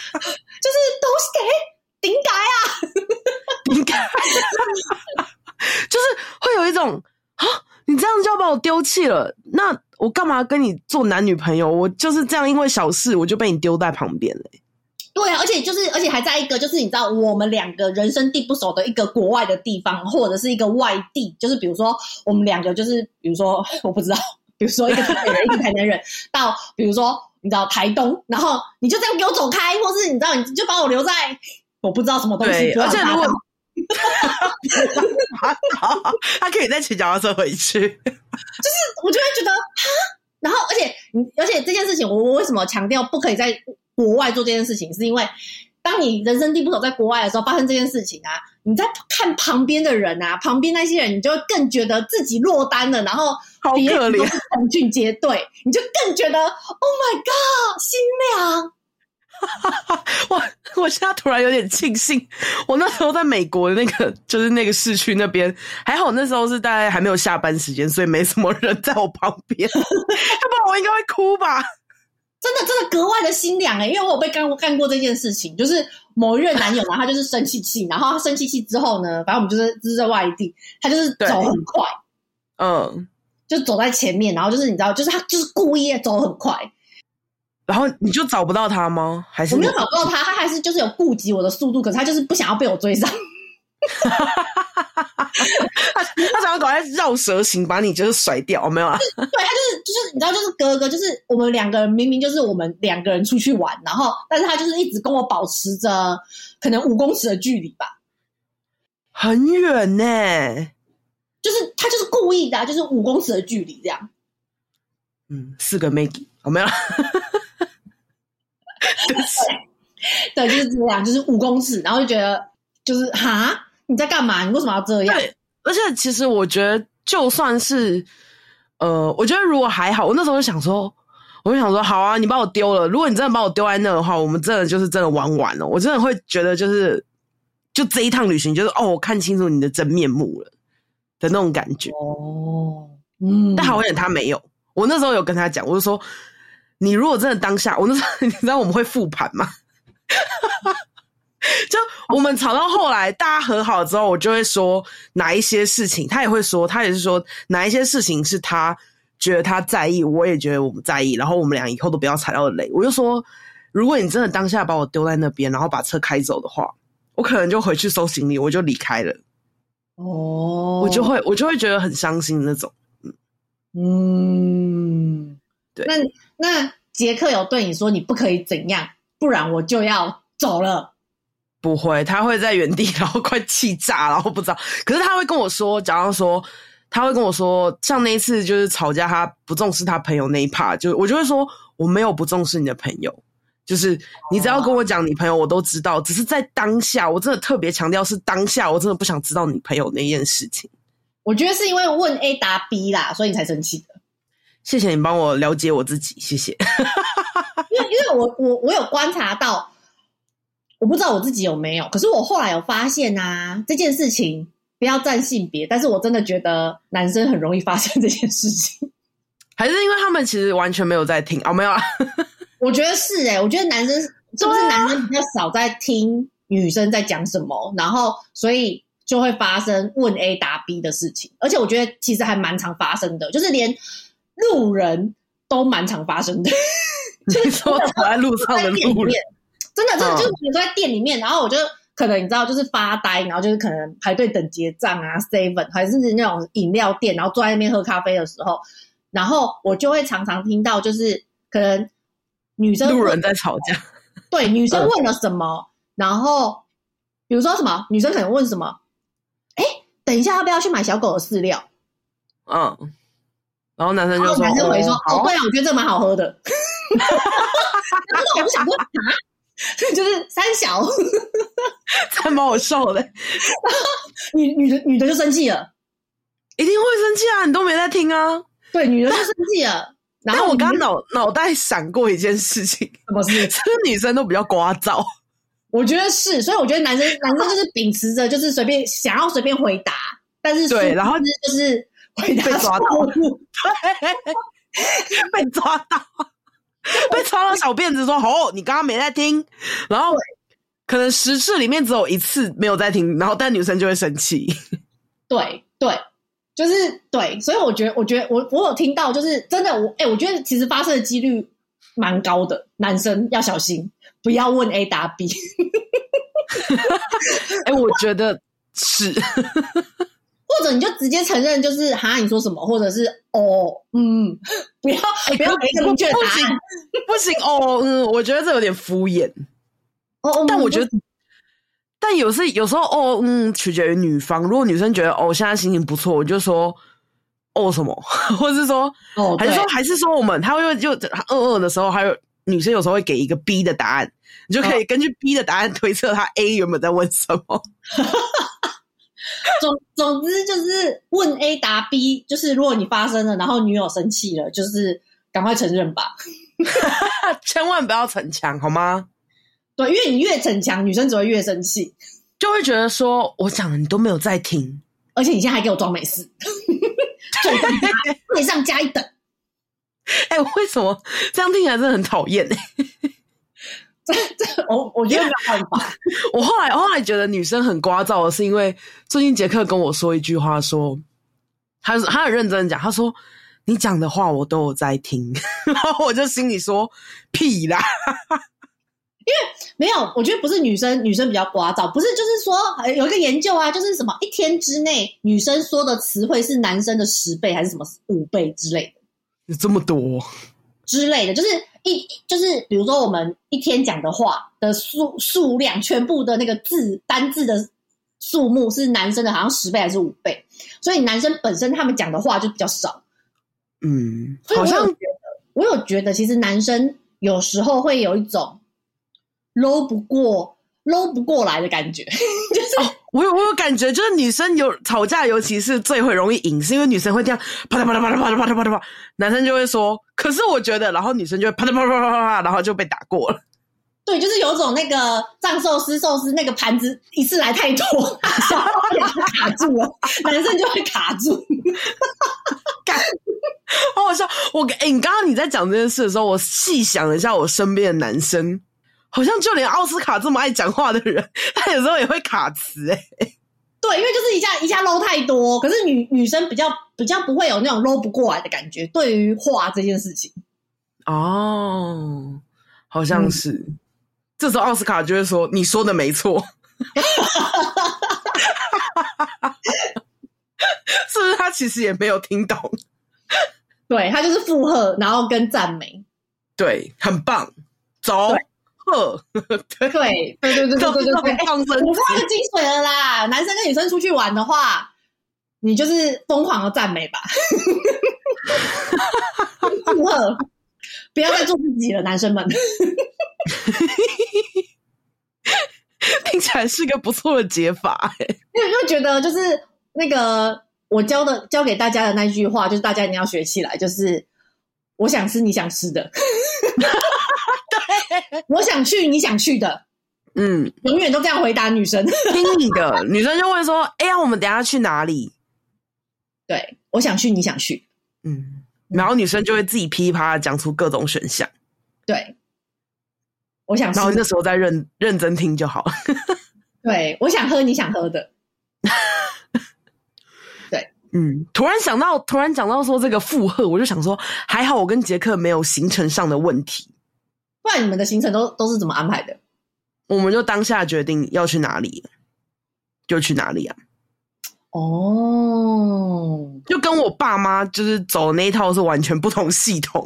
就是都死，頂改啊，頂改， 就是會有一種你這樣就要把我丟棄了，那我幹嘛跟你做男女朋友？我就是這樣，因為小事我就被你丟在旁邊嘞、欸。對啊，而且就是，而且還在一個就是你知道我們兩個人生地不熟的一個國外的地方，或者是一個外地，就是比如說我們兩個就是比如說我不知道。比如說一個台灣人， 一個台南人到，比如說你知道台東，然後你就這樣給我走開，或是你知道你就把我留在我不知道什麼東西，而且如果他可以再騎腳踏車回去 ，就是我就會覺得哈。然後 而且你而且這件事情，我我為什麼強調不可以在國外做這件事情，是因為當你人生地不熟在國外的時候，發生這件事情啊。你在看旁邊的人啊，旁邊那些人，你就更覺得自己落單了，然後別人好可憐，都是成群結隊，你就更覺得 Oh my God，新娘！哈哈 我我現在突然有點慶幸，我那時候在美國的那個就是那個市區那邊還好，那時候是大概還沒有下班時間，所以沒什麼人在我旁邊， 要不然我應該會哭吧。真的真的格外的心涼欸，因為我有被幹過幹過這件事情，就是某一任男友，然後他就是生氣氣， 然後他生氣氣之後呢，反正我們就是就是在外地，他就是走很快，嗯，就走在前面，然後就是你知道，就是他就是故意走很快，然後你就找不到他嗎？還是我沒有找到他，他還是就是有顧及我的速度，可是他就是不想要被我追上。 他他常常搞些繞蛇形把你就是甩掉，我、就是、沒有啊。對，他就是就是你知道就是哥哥就是我們兩個人明明就是我們兩個人出去玩，然後但是他就是一直跟我保持着可能五公尺的距離吧，很遠呢、欸。就是他就是故意的、啊，就是五公尺的距離這樣。嗯，四個妹弟， 我沒有。對，就是這樣，就是五公尺，然後就覺得就是哈。你在幹嘛？你為什麼要這樣？對，而且其實我覺得，就算是呃，我覺得如果還好，我那時候就想說，我就想說，好啊，你把我丟了。如果你真的把我丟在那的話，我們真的就是真的玩完了。我真的會覺得，就是就這一趟旅行，就是哦，我看清楚你的真面目了的那種感覺。哦，嗯。但好險他沒有。我那時候有跟他講，我就說，你如果真的當下，我那時候，你知道我們會復盤嗎？好我們吵到後來，大家和好之後，我就會說哪一些事情，他也會說，他也是說哪一些事情是他覺得他在意，我也覺得我不在意，然後我們倆以後都不要踩到雷。我就說，如果你真的當下把我丟在那邊，然後把車開走的話，我可能就回去收行李，我就離開了。哦，我就會我就會覺得很傷心的那種。嗯嗯，對。那那傑克有對你說你不可以怎樣，不然我就要走了？不會，他會在原地，然後快氣炸然後不知道。可是他會跟我說，假如說，他會跟我說，像那一次就是吵架，他不重視他朋友那一 part，就我就會說我沒有不重視你的朋友，就是你只要跟我講你朋友，我都知道。哦、只是在當下，我真的特別強調是當下，我真的不想知道你朋友那件事情。我覺得是因為問 A 答 B 啦，所以你才生氣的。謝謝你幫我了解我自己，謝謝。 因為因為我我我有觀察到。我不知道我自己有沒有，可是我後來有發現啊，這件事情不要佔性別，但是我真的覺得男生很容易發生這件事情，還是因為他們其實完全沒有在聽哦，沒有啊， 我覺得是哎、欸，我覺得男生是不是男生比較少在聽女生在講什麼？啊、然後所以就會發生問 A 答 B 的事情，而且我覺得其實還蠻常發生的，就是連路人都蠻常發生的，聽說走在路上的路人。 真的，真的就是都在店裡面，嗯、然後我就可能你知道，就是發呆，然後就是可能排隊等結賬啊，seven 還是那種飲料店，然後坐在那邊喝咖啡的時候，然後我就會常常聽到，就是可能女生路人在吵架，對，女生問了什麼，嗯、然後比如說什麼，女生可能問什麼，哎、欸，等一下要不要去買小狗的飼料？嗯，然後男生就說男生回說，哦，對啊，我覺得這蠻好喝的，然後我不想問啊。 就是三小 才把我笑的，女女的女的就生氣了， 一定會生氣啊！你都沒在聽啊！ 對，女的就生氣了。但 然後我剛，剛腦腦袋想過一件事情，什麼是是不是，這個女生都比較聒噪，我覺得是。所以我覺得男生男生就是秉持着就是隨便 想要隨便回答，但是對，然後就是回答被抓到， 被抓到。被抓了小辮子，說：“好、 哦，你剛剛沒在聽，然後可能十次裡面只有一次沒有在聽，然後但女生就會生氣。對，對，就是對，所以我覺得，我覺得我我有聽到，就是真的，我哎、欸，我覺得其實發射的幾率蠻高的，男生要小心，不要問 A 答 B。哎、 欸，我覺得是。” 或者你就直接承認，就是哈，你說什麼？或者是哦，嗯， 不要唉不要給一個明確答案，不，不，不行不行哦，嗯，我覺得這有點敷衍。哦，嗯、但我覺得，行但有時有時候哦，嗯，取決於女方。如果女生覺得哦，現在心情不錯，我就說哦什麼，或者是說哦，還是說還是說我們，他會就二二、呃呃、的時候，還有女生有時候會給一個 B 的答案，你就可以根據 B 的答案推測他 A 原本在問什麼。哦 總，總之就是問 A 答 B，就是如果你發生了，然後女友生氣了，就是趕快承認吧， 千萬不要逞強，好嗎？對，因為你越逞強，女生只會越生氣，就會覺得說我講的你都沒有在聽，而且你現在還給我裝沒事， 總之你上加一等，哎、 欸，為什麼這樣聽起來真的很討厭？ 這這我我覺得沒有辦法。我後來我後來覺得女生很聒噪，是因為最近傑克跟我說一句話說，說他是他很認真講，他說你講的話我都有在聽， 然後我就心裡說屁啦。 因為沒有，我覺得不是女生，女生比較聒噪，不是就是說有一個研究啊，就是什麼一天之內女生說的詞彙是男生的十倍還是什麼五倍之類的，有這麼多之類的，就是。一就是比如說，我們一天講的話的數數量，全部的那個字單字的數目是男生的好像十倍還是五倍，所以男生本身他們講的話就比較少。嗯，好像所以我有覺得，我有覺得，其實男生有時候會有一種摟不過、摟不過來的感覺。 我有我有感覺，就是女生有吵架，尤其是最會容易贏，是因為女生會這樣啪嗒啪嗒啪嗒啪嗒啪嗒啪啪，男生就會說，可是我覺得，然後女生就啪嗒啪啪啪啪啪，然後就被打過了。對，就是有種那個藏壽司壽司那個盤子一次來太多，哈哈，卡住了，男生就會卡住，哈哈，好好笑。我誒你剛剛你在講這件事的時候，我細想了一下，我身邊的男生。好像就連奧斯卡這麼愛講話的人，他有時候也會卡詞哎、欸。對，因為就是一下一下摟太多，可是女女生比較比較不會有那種摟不過來的感覺，對於話這件事情。哦，好像是。嗯、這時候奧斯卡就會說：“你說的沒錯。 ” 是不是他其實也沒有聽懂？對，他就是附和，然後跟讚美。對，很棒，走。呵，呵對對，對對對對對對對，對，放鬆、欸，你說精髓了啦。男生跟女生出去玩的話，你就是瘋狂的讚美吧。不要再做自己了， 男生們。 聽起來是一個不錯的解法。哎，因為覺得就是那個我教的教給大家的那句話，就是大家一定要學起來，就是我想吃你想吃的。 我想去，你想去的，嗯，永遠都這樣回答女生，聽你的， 女生就會說：“哎、欸、呀，我們等下去哪裡？”對我想去，你想去，嗯，然後女生就會自己噼里啪啦講出各種選項。對，我想說，然後那時候再認認真聽就好了。 對我想喝，你想喝的， 對，嗯。突然想到，突然講到說這個附和，我就想說，還好我跟傑克沒有行程上的問題。不然你們的行程都都是怎麼安排的？我們就當下決定要去哪裡，就去哪裡啊！哦，oh. 就跟我爸媽就是走的那一套是完全不同系統。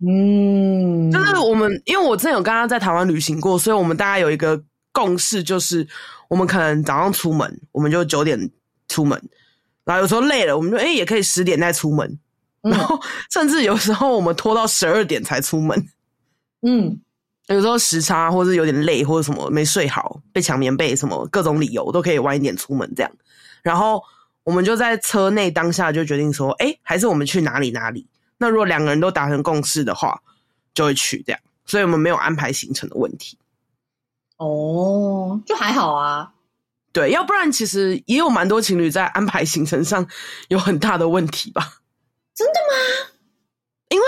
嗯，mm. 就是我們因為我之前有跟他在台灣旅行過，所以我們大家有一個共識，就是我們可能早上出門，我們就九點出門，然後有時候累了，我們就誒、欸、也可以十點再出門，然後甚至有時候我們拖到十二點才出門。Mm. 嗯，有時候時差，或是有點累，或者什麼沒睡好，被搶棉被，什麼各種理由都可以晚一點出門這樣。然後我們就在車內當下就決定說，哎，還是我們去哪裡哪裡？那如果兩個人都達成共識的話，就會去這樣。所以我們沒有安排行程的問題。哦，就還好啊。對，要不然其實也有蠻多情侶在安排行程上有很大的問題吧？真的嗎？ 因為。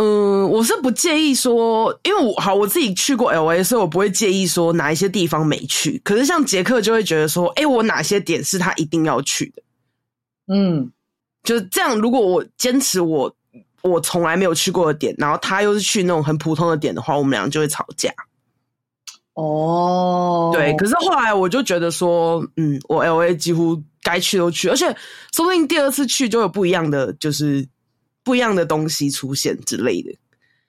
嗯，我是不介意說，因為我好我自己去過 LA，所以我不會介意說哪一些地方沒去。可是像杰克就會覺得說，哎、欸，我哪些點是他一定要去的？嗯，就是這樣。如果我堅持我我從來沒有去過的點，然後他又是去那種很普通的點的話，我們倆就會吵架。哦，對。可是後來我就覺得說，嗯，我 LA 幾乎該去都去，而且說不定第二次去就有不一樣的，就是。不一樣的東西出現之類的，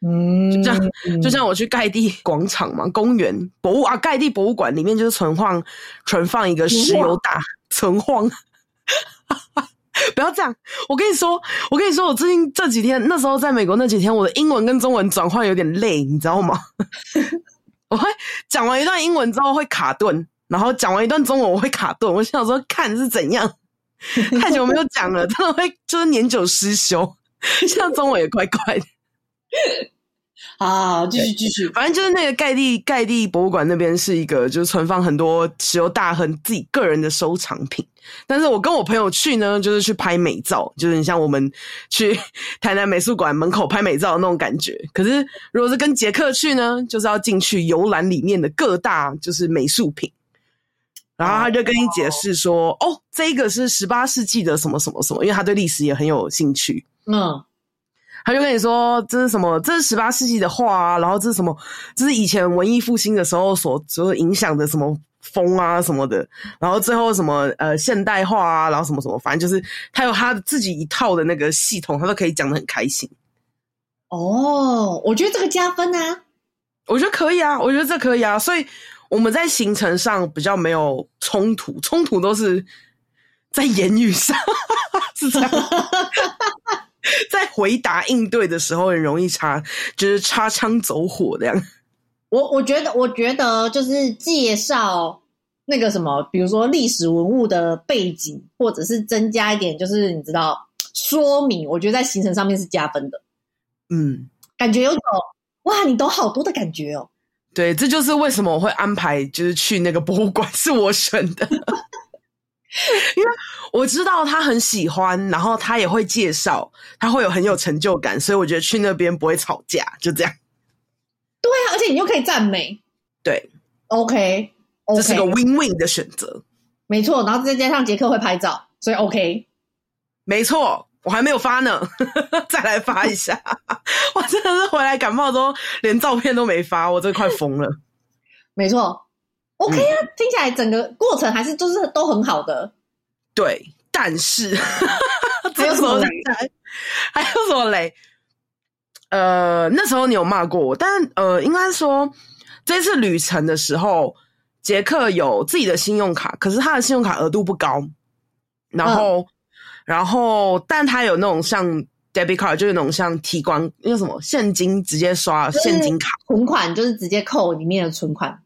嗯，就像就像我去蓋蒂廣場嘛，公園博物館啊，蓋蒂博物館裡面就是存放存放一個石油大存荒， 不要這樣。我跟你說，我跟你說，我最近這幾天那時候在美國那幾天，我的英文跟中文轉換有點累，你知道嗎？ 我會講完一段英文之後會卡頓，然後講完一段中文我會卡頓。我想說看是怎樣，太久沒有講了，真的會就是年久失修。 像中文也怪怪的， 好，好，好，Okay. 繼續繼續，反正就是那個蓋蒂蓋蒂博物館那邊是一個，就是存放很多石油大亨自己個人的收藏品。但是我跟我朋友去呢，就是去拍美照，就是你像我們去台南美術館門口拍美照的那種感覺。可是如果是跟傑克去呢，就是要進去遊覽裡面的各大就是美術品。然後他就跟你解釋說：“ oh. 哦，這一個是十八世紀的什麼什麼什麼，因為他對歷史也很有興趣。嗯，mm. 他就跟你說，這是什麼，這是十八世紀的畫啊，然後這是什麼，這是以前文藝復興的時候所所影響的什麼風啊什麼的，然後最後什麼呃現代化啊，然後什麼什麼，反正就是他有他自己一套的那個系統，他都可以講得很開心。哦，oh, 我覺得這個加分啊，我覺得可以啊，我覺得這可以啊，所以。”我們在行程上比較沒有衝突，衝突都是在言語上，是這樣。 在回答應對的時候，很容易擦，就是擦槍走火的樣。我我覺得，我覺得就是介紹那個什麼，比如說歷史文物的背景，或者是增加一點，就是你知道，說明。我覺得在行程上面是加分的。嗯，感覺有種哇，你懂好多的感覺哦。對，這就是為什麼我會安排，就是去那個博物館是我選的， 因為我知道他很喜歡，然後他也會介紹，他會有很有成就感，所以我覺得去那邊不會吵架，就這樣。對啊，而且你又可以讚美，對，OK, okay. 這是個 win-win 的選擇，沒錯。然後再加上傑克會拍照，所以 OK，沒錯。我還沒有發呢，呵呵，再來發一下。 我真的是回來感冒都連照片都沒發，我真快瘋了。沒錯，OK 啊，嗯，聽起來整個過程還是就是都很好的。對，但是，呵呵，這是什麼雷。還有什麼雷？還有什麼雷？呃，那時候你有罵過我，但呃，應該說這次旅程的時候，傑克有自己的信用卡，可是他的信用卡額度不高，然後。嗯然後，但他有那種像 debit card，就是那種像提款那個什麼現金直接刷現金卡，存款就是直接扣裡面的存款。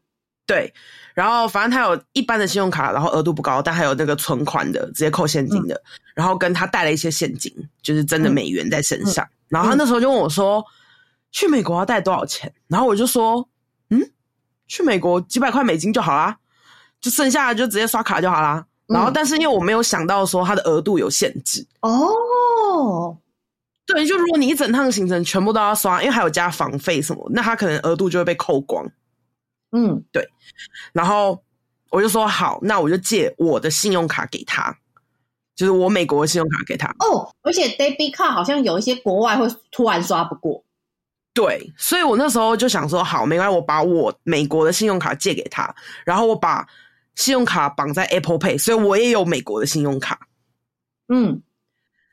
對，然後反正他有一般的信用卡，然後額度不高，但還有那個存款的直接扣現金的。嗯、然後跟他帶了一些現金，就是真的美元在身上。嗯嗯、然後他那時候就問我說：“去美國要帶多少錢？”然後我就說：“嗯，去美國幾百塊美金就好啦，就剩下的就直接刷卡就好啦。”然後，但是因為我沒有想到說它的額度有限制哦，對，就如果你一整趟行程全部都要刷，因為還有加房費什麼，那他可能額度就會被扣光。嗯，對。然後我就說好，那我就借我的信用卡給他，就是我美國的信用卡給他。哦，而且 debit card 好像有一些國外會突然刷不過。對，所以我那時候就想說好，沒關係，我把我美國的信用卡借給他，然後我把。信用卡綁在 Apple Pay，所以我也有美國的信用卡。嗯，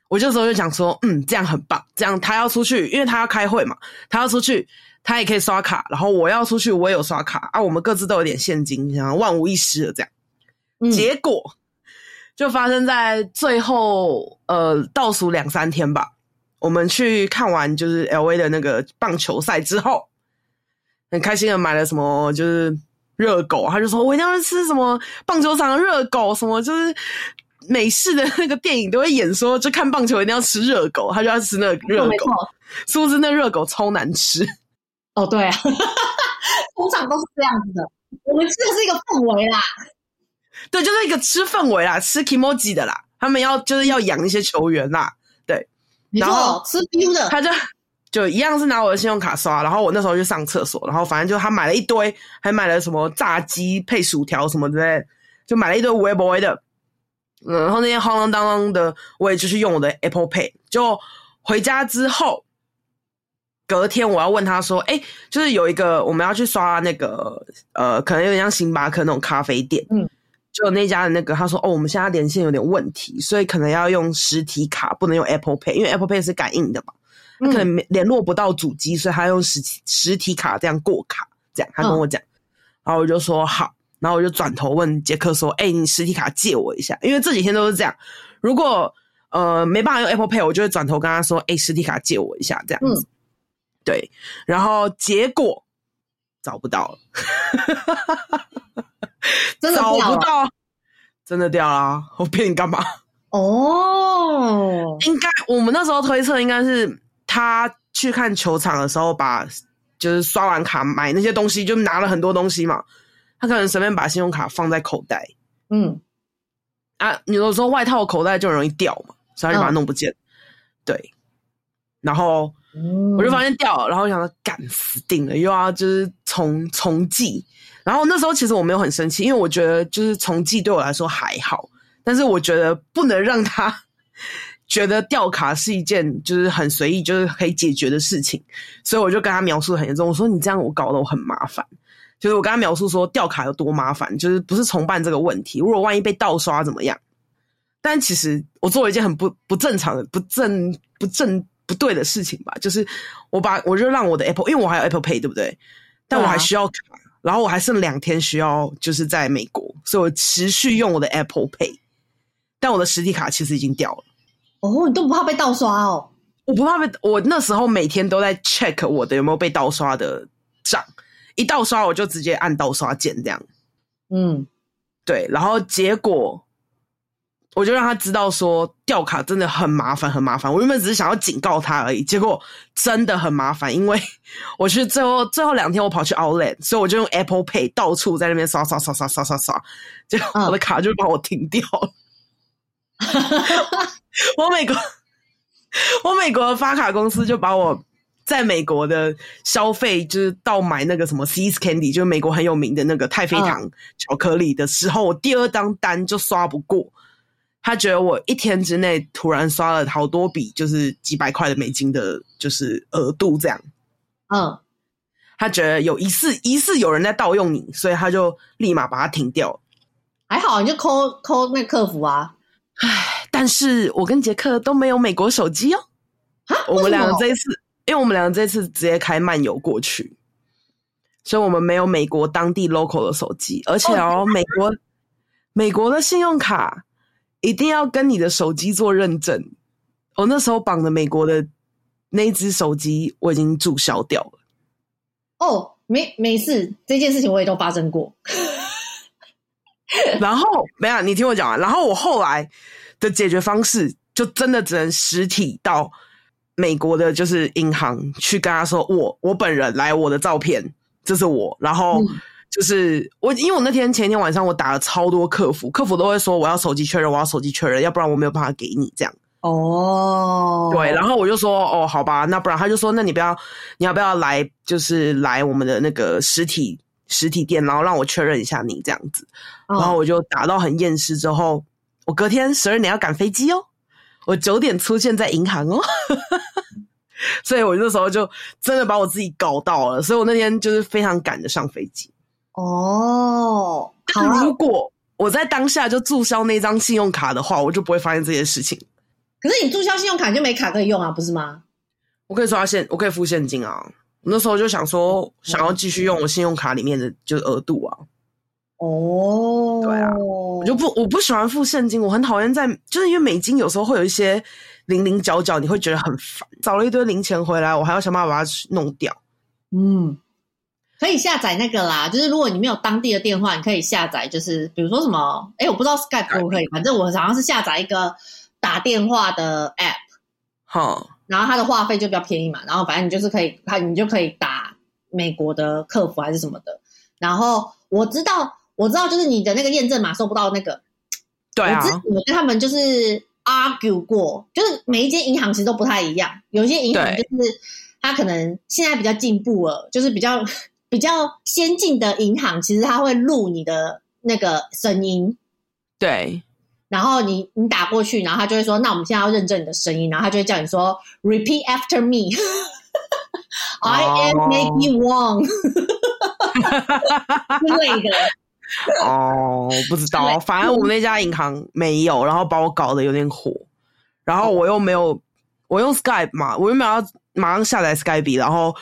我這時候就想說，嗯，這樣很棒，這樣他要出去，因為他要開會嘛，他要出去，他也可以刷卡，然後我要出去，我也有刷卡啊，我們各自都有點現金，這樣萬無一失的。這樣，嗯、結果就發生在最後呃倒數兩三天吧，我們去看完就是 LA 的那個棒球賽之後，很開心的買了什麼就是。熱狗，他就說：“我一定要吃什麼棒球場熱狗，什麼就是美式的那個電影都會演，說就看棒球一定要吃熱狗，他就要吃那個熱狗，是不是那熱狗超難吃？”哦，對啊， 通常都是這樣子的。我們吃的是一個氛圍啦，對，就是一個吃氛圍啦，吃 kimochi 的啦，他們要就是要養一些球員啦，對，然後吃冰的，他就。就一樣是拿我的信用卡刷，然後我那時候就上廁所，然後反正就他買了一堆，還買了什麼炸雞配薯條什麼之類的，就買了一堆 way boy 的，然後那天哐噹噹噹的，我也就是用我的 Apple Pay，就回家之後，隔天我要問他說，哎，就是有一個我們要去刷那個呃，可能有點像星巴克那種咖啡店，嗯，就那家的那個他說哦，我們現在連線有點問題，所以可能要用實體卡，不能用 Apple Pay，因為 Apple Pay 是感應的嘛。可能沒聯絡不到主機，嗯、所以他用實體實體卡這樣過卡，這樣他跟我講，嗯、然後我就說好，然後我就轉頭問傑克說：“哎、欸，你實體卡借我一下，因為這幾天都是這樣。如果呃沒辦法用 Apple Pay，我就會轉頭跟他說：‘哎、欸，實體卡借我一下’，這樣子。嗯、對，然後結果找不到了，真 的找不到，真的掉啦！我騙你幹嘛？哦，應該我們那時候推測應該是。”他去看球場的時候，把就是刷完卡買那些東西，就拿了很多東西嘛。他可能隨便把信用卡放在口袋，嗯，啊，有的時候外套口袋就容易掉嘛，所以他就把它弄不見。嗯、對，然後我就發現掉了，然後想說，幹、嗯、死定了，又要就是重重記。然後那時候其實我沒有很生氣，因為我覺得就是重記對我來說還好，但是我覺得不能讓他。 覺得掉卡是一件就是很隨意，就是可以解決的事情，所以我就跟他描述很嚴重。我說你這樣我搞得我很麻煩，就是我跟他描述說掉卡有多麻煩，就是不是重辦這個問題。如果萬一被盜刷怎麼樣？但其實我做了一件很不不正常的、不正不正不對的事情吧，就是我把我就讓我的 Apple，因為我還有 Apple Pay 對不對？但我還需要卡，然後我還剩兩天需要就是在美國，所以我持續用我的 Apple Pay，但我的實體卡其實已經掉了。哦，oh, 你都不怕被盜刷哦？我不怕被，我那時候每天都在 check 我的有沒有被盜刷的賬，一盜刷我就直接按盜刷鍵這樣。嗯，對，然後結果我就讓他知道說，掉卡真的很麻煩，很麻煩。我原本只是想要警告他而已，結果真的很麻煩，因為我去最後最後兩天我跑去 Outlet，所以我就用 Apple Pay 到處在那邊刷刷刷刷刷刷刷刷，結果我的卡就把我停掉了。Uh. 我美國， 我美國的發卡公司就把我在美國的消費，就是到買那個什麼 See's Candy，就是美國很有名的那個太妃糖巧克力的時候，我第二張單，單就刷不過。他覺得我一天之內突然刷了好多筆，就是幾百塊的美金的，就是額度這樣。嗯，他覺得有疑似疑似有人在盜用你，所以他就立馬把它停掉。還好，你就 call call 那個客服啊。唉，但是我跟杰克都沒有美國手機哦。蛤我們倆這次，為什麼？因為我們倆這次直接開漫遊過去，所以我們沒有美國當地 local 的手機。而且哦，美國，oh, yeah. 美國，美國的信用卡一定要跟你的手機做認證。我那時候綁的美國的那只手機，我已經註銷掉了。哦，oh，沒沒事，這件事情我也都發生過。 然後沒有，你聽我講啊。然後我後來的解決方式，就真的只能實體到美國的，就是銀行去跟他說我，我我本人來，我的照片，這是我。然後就是、嗯、我，因為我那天前一天晚上我打了超多客服，客服都會說我要手機確認，我要手機確認，要不然我沒有辦法給你這樣。哦，對。然後我就說，哦，好吧，那不然他就說，那你不要，你要不要來，就是來我們的那個實體。實體店，然後讓我確認一下你這樣子，oh. 然後我就打到很厭世之後，我隔天十二點要趕飛機哦，我九點出現在銀行哦， 所以我那時候就真的把我自己搞到了，所以我那天就是非常趕着上飛機。哦，oh. 如果我在當下就註銷那張信用卡的話，我就不會發現這件事情。可是你註銷信用卡就沒卡可以用啊，不是嗎？我可以刷現，我可以付現金啊。那時候就想說，想要繼續用我信用卡裡面的就是額度啊。哦，對啊，我就不我不喜歡付現金，我很討厭在就是因為美金有時候會有一些零零角角，你會覺得很煩，找了一堆零錢回來，我還要想辦法把它弄掉。嗯，可以下載那個啦，就是如果你沒有當地的電話，你可以下載，就是比如說什麼，哎、欸，我不知道 Skype 可不可以，反正我好像是下載一個打電話的 App。好、嗯。然後他的話費就比較便宜嘛，然後反正你就是可以，他，你就可以打美國的客服還是什麼的。然後我知道，我知道就是你的那個驗證碼收不到那個，對啊，我跟他們就是 argue 過，就是每一間銀行其實都不太一樣，有一些銀行就是他可能現在比較進步了，對就是比較比較先進的銀行，其實它會錄你的那個聲音，對。然後你你打過去，然後他就會說：“那我們現在要認證你的聲音。”然後他就會叫你說：“Repeat after me, I am maybe wrong。”對的。哦，oh, 不知道，反正我們那家銀行沒有，然後把我搞得有點火。然後我又沒有，oh. 我用 Skype 嘛，我又沒有要馬上下載 Skype，然後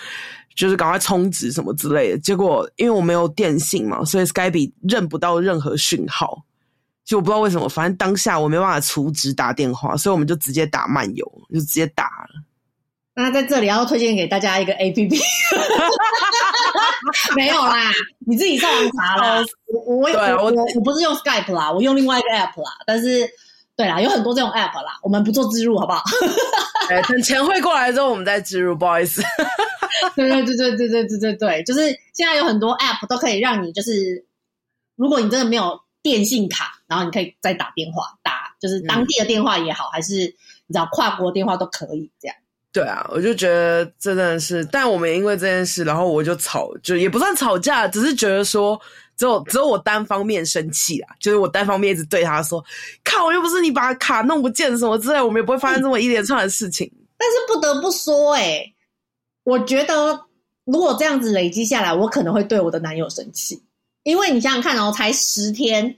就是趕快充值什麼之類的。結果因為我沒有電信嘛，所以 Skype 認不到任何訊號。就不知道為什麼，反正當下我沒辦法儲值，打電話，所以我們就直接打漫遊，就直接打了。那在這裡要推薦給大家一個 APP，沒有啦，你自己上網查了我對我我我，我，我不是用 Skype 啦，我用另外一個 App 啦。但是對啦，有很多這種 App 啦，我們不做置入好不好？ 等錢匯過來之後，我們再置入，不好意思。 對，對對對對對對對對，就是現在有很多 App 都可以讓你，就是如果你真的沒有電信卡。然後你可以再打電話，打就是當地的電話也好，嗯、還是你知道跨國電話都可以。這樣對啊，我就覺得真的是，但我們因為這件事，然後我就吵，就也不算吵架，只是覺得說，只有只有我單方面生氣啦，就是我單方面一直對他說：“靠，我又不是你把卡弄不見什麼之類，我們也不會發生這麼一連串的事情。”但是不得不說、欸，哎，我覺得如果這樣子累積下來，我可能會對我的男友生氣，因為你想想看哦，才十天。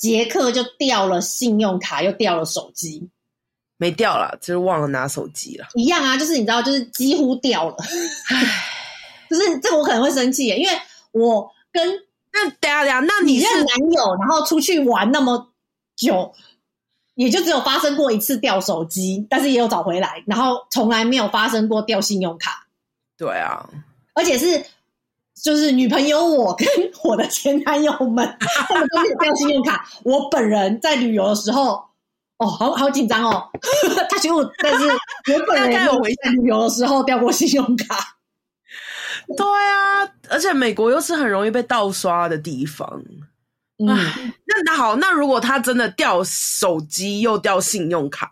傑克就掉了信用卡，又掉了手機，沒掉了，就是忘了拿手機了。一樣啊，就是你知道，就是幾乎掉了。唉， 就是，這個我可能會生氣，因為我跟那等下等下，那你是男友，然後出去玩那麼久，也就只有發生過一次掉手機，但是也有找回來，然後從來沒有發生過掉信用卡。對啊，而且是。就是女朋友，我跟我的前男友們， 他們都沒有掉信用卡。 我本人在旅遊的時候，哦，好好緊張哦。他覺得我，但是我本人有回在旅遊的時候掉過信用卡。 對啊，而且美國又是很容易被盜刷的地方。唉，那、嗯、那好，那如果他真的掉手機又掉信用卡，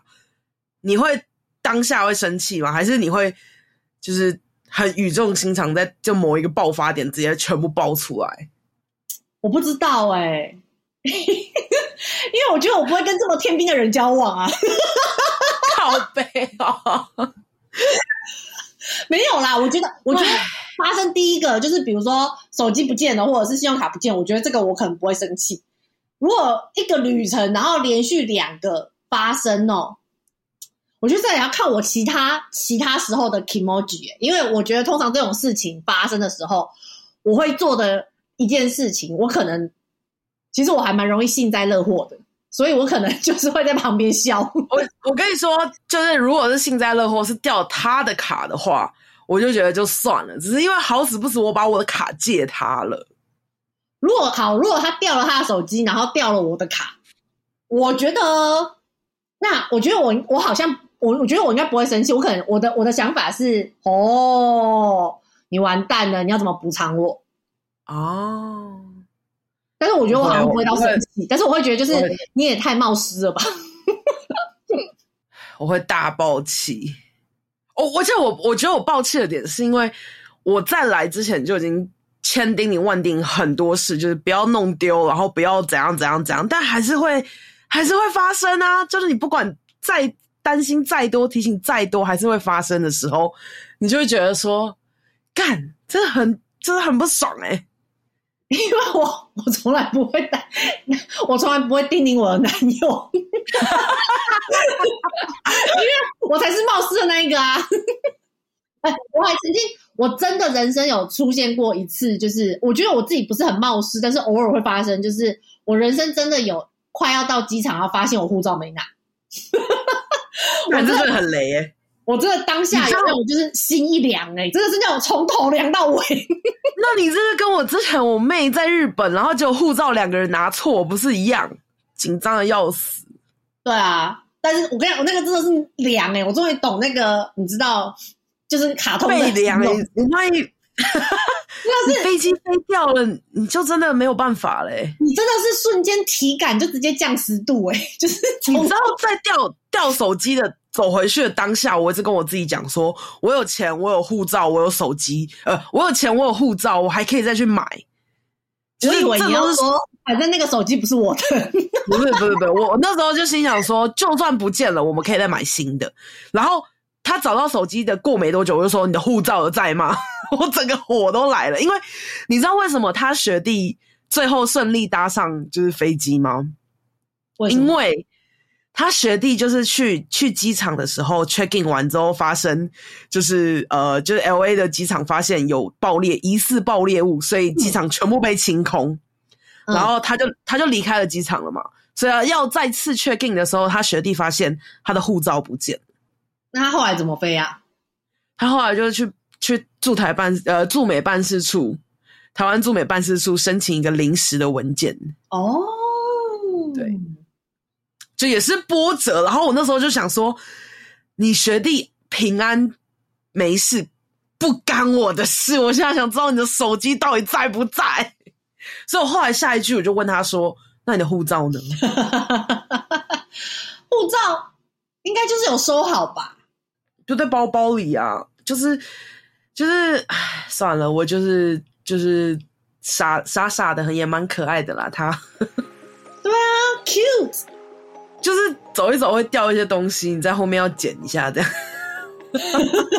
你會當下會生氣嗎？還是你會就是？很語重心長，在就某一個爆發點直接全部爆出來，我不知道哎、欸， 因為我覺得我不會跟這麼天兵的人交往啊，靠北啊，沒有啦，我覺得我覺得發生第一個就是比如說手機不見了或者是信用卡不見，我覺得這個我可能不會生氣。如果一個旅程然後連續兩個發生哦、喔。我覺得這也要看我其他其他時候的 emoji，欸，因為我覺得通常這種事情發生的時候，我會做的一件事情，我可能其實我還蠻容易幸災樂禍的，所以我可能就是會在旁邊笑。我我跟你說，就是如果是幸災樂禍是掉他的卡的話，我就覺得就算了，只是因為好死不死我把我的卡借他了。如果好，如果他掉了他的手機，然後掉了我的卡，我覺得那我覺得我我好像。我我覺得我應該不會生氣，我可能我的我的想法是，哦，你完蛋了，你要怎麼補償我？哦，但是我覺得我好像不會到生氣，哦、是但是我會覺得就是會你也太冒失了吧， 我會大爆氣。我而且我我覺得我爆氣的點是因為我在來之前就已經千叮嚀萬叮嚀很多事，就是不要弄丟，然後不要怎樣怎樣怎樣，但還是會還是會發生啊，就是你不管再。擔心再多，提醒再多，還是會發生的時候，你就會覺得說，幹，真的很，真的很不爽哎、欸。因為我，我從來不會我從來不會叮嚀我的男友，因為我才是冒失的那一個啊。 我還曾經，我真的人生有出現過一次，就是我覺得我自己不是很冒失，但是偶爾會發生，就是我人生真的有快要到機場，然後發現我護照沒拿。 我真的，是真的很雷耶、欸。我真的當下有，我就是心一涼哎、欸，真的是那種從頭涼到尾。 那你這個跟我之前我妹在日本，然後就護照兩個人拿錯，不是一樣緊張的要死？對啊，但是我跟你講，我那個真的是涼哎、欸，我終於懂那個，你知道，就是卡通的涼，你萬、欸、一。 要是飛機飛掉了，你就真的沒有辦法嘞、欸。你真的是瞬間體感就直接降十度哎、欸，就是你知道在掉掉手機的走回去的當下，我一直跟我自己講說：我有錢，我有護照，我有手機。呃，我有錢，我有護照，我還可以再去買。以為就是我那時說反正那個手機不是我的。 不是不是不是，我那時候就心想說：就算不見了，我們可以再買新的。然後他找到手機的過沒多久，我就說：你的護照在嗎？我整個火都來了，因為你知道為什麼他學弟最後順利搭上就是飛機嗎？為什麼？因為，他學弟就是去去機場的時候，check in 完之後發生就是呃就是 LA 的機場發現有爆裂、疑似爆裂物，所以機場全部被清空，嗯、然後他就他就離開了機場了嘛。所以要再次 check in 的時候，他學弟發現他的護照不見了。那他後來怎麼飛呀、啊？他後來就是去。去駐台辦呃駐美辦事處，台灣駐美辦事處申請一個臨時的文件哦，oh. 對，這也是波折。然後我那時候就想說，你學弟平安沒事不干我的事，我現在想知道你的手機到底在不在。所以我後來下一句我就問他說：“那你的護照呢？”護 照應該就是有收好吧？就在包包裡啊，就是。就是唉，算了，我就是就是傻傻傻的，很也蠻可愛的啦。他，對啊，cute，就是走一走會掉一些東西，你在後面要撿一下，這樣，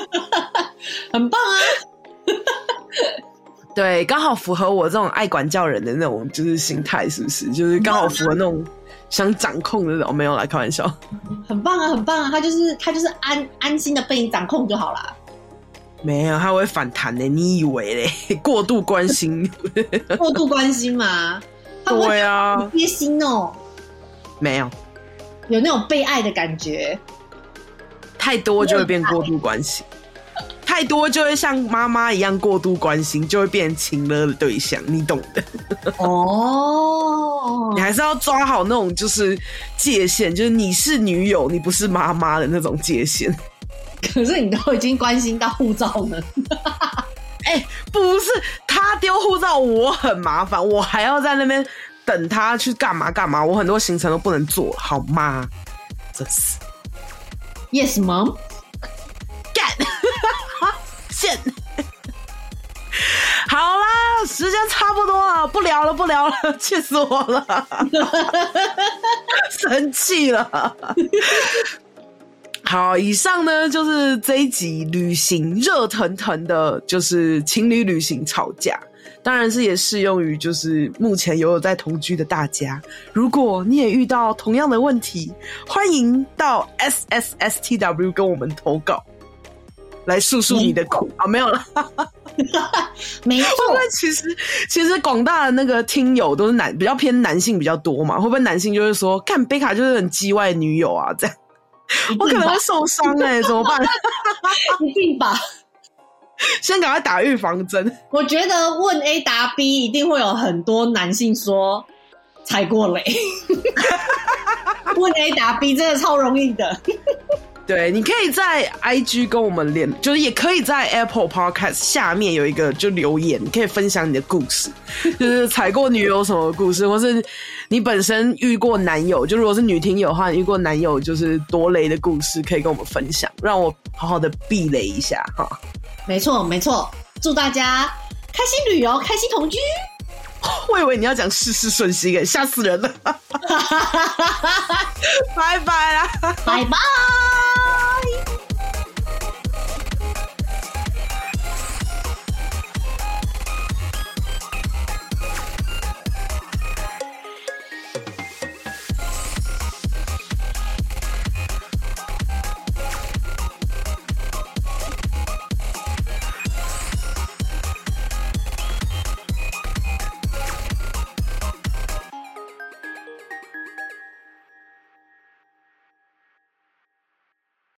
很棒啊。 對，剛好符合我這種愛管教人的那種就是心態，是不是？就是剛好符合那種想掌控的那種。沒有啦，來開玩笑。很棒啊，很棒啊，他就是他就是安安心的被你掌控就好啦。沒有，他會反彈嘞。你以為嘞？過度關心，過度關心嗎？ 對啊，貼心哦、喔。沒有，有那種被愛的感覺。太多就會變過度關心，太多就會像媽媽一樣過度關心， 就會變成情勒的對象，你懂的。哦、oh，你還是要抓好那種就是界限，就是你是女友，你不是媽媽的那種界限。可是你都已經關心到護照了， 哎、欸，不是他丟護照，我很麻煩，我還要在那邊等他去幹嘛幹嘛，我很多行程都不能做好嗎？真是，Yes, Mom, get, 好、 啊，現，好啦，時間差不多了，不聊了，不聊了，氣死我了， 生氣氣了。 好，以上呢就是這一集旅行熱騰騰的，就是情侶旅行吵架，當然是也適用於就是目前有在同居的大家。如果你也遇到同樣的問題，歡迎到 SSSTW 跟我們投稿，來訴訴你的苦啊好、哦！沒有了， 沒錯。其實其實廣大的那個聽友都是男，比較偏男性比較多嘛。會不會男性就是說，看貝卡就是很機外的女友啊，這樣？我可能會受傷哎、欸，怎麼辦？一 定吧， 先趕快打預防針。我覺得問 A 答 B 一定會有很多男性說踩過雷。 問 A 答 B 真的超容易的。 對，你可以在 IG 跟我們連，就是也可以在 Apple Podcast 下面有一個就留言，你可以分享你的故事，就是踩過女友什麼故事，或是你本身遇過男友，就如果是女聽友的話，你遇過男友就是躲雷的故事，可以跟我們分享，讓我好好的避雷一下哈。沒錯，沒錯，祝大家開心旅遊，開心同居。我以為你要講事事順心，給嚇死人了！拜拜啦，拜拜。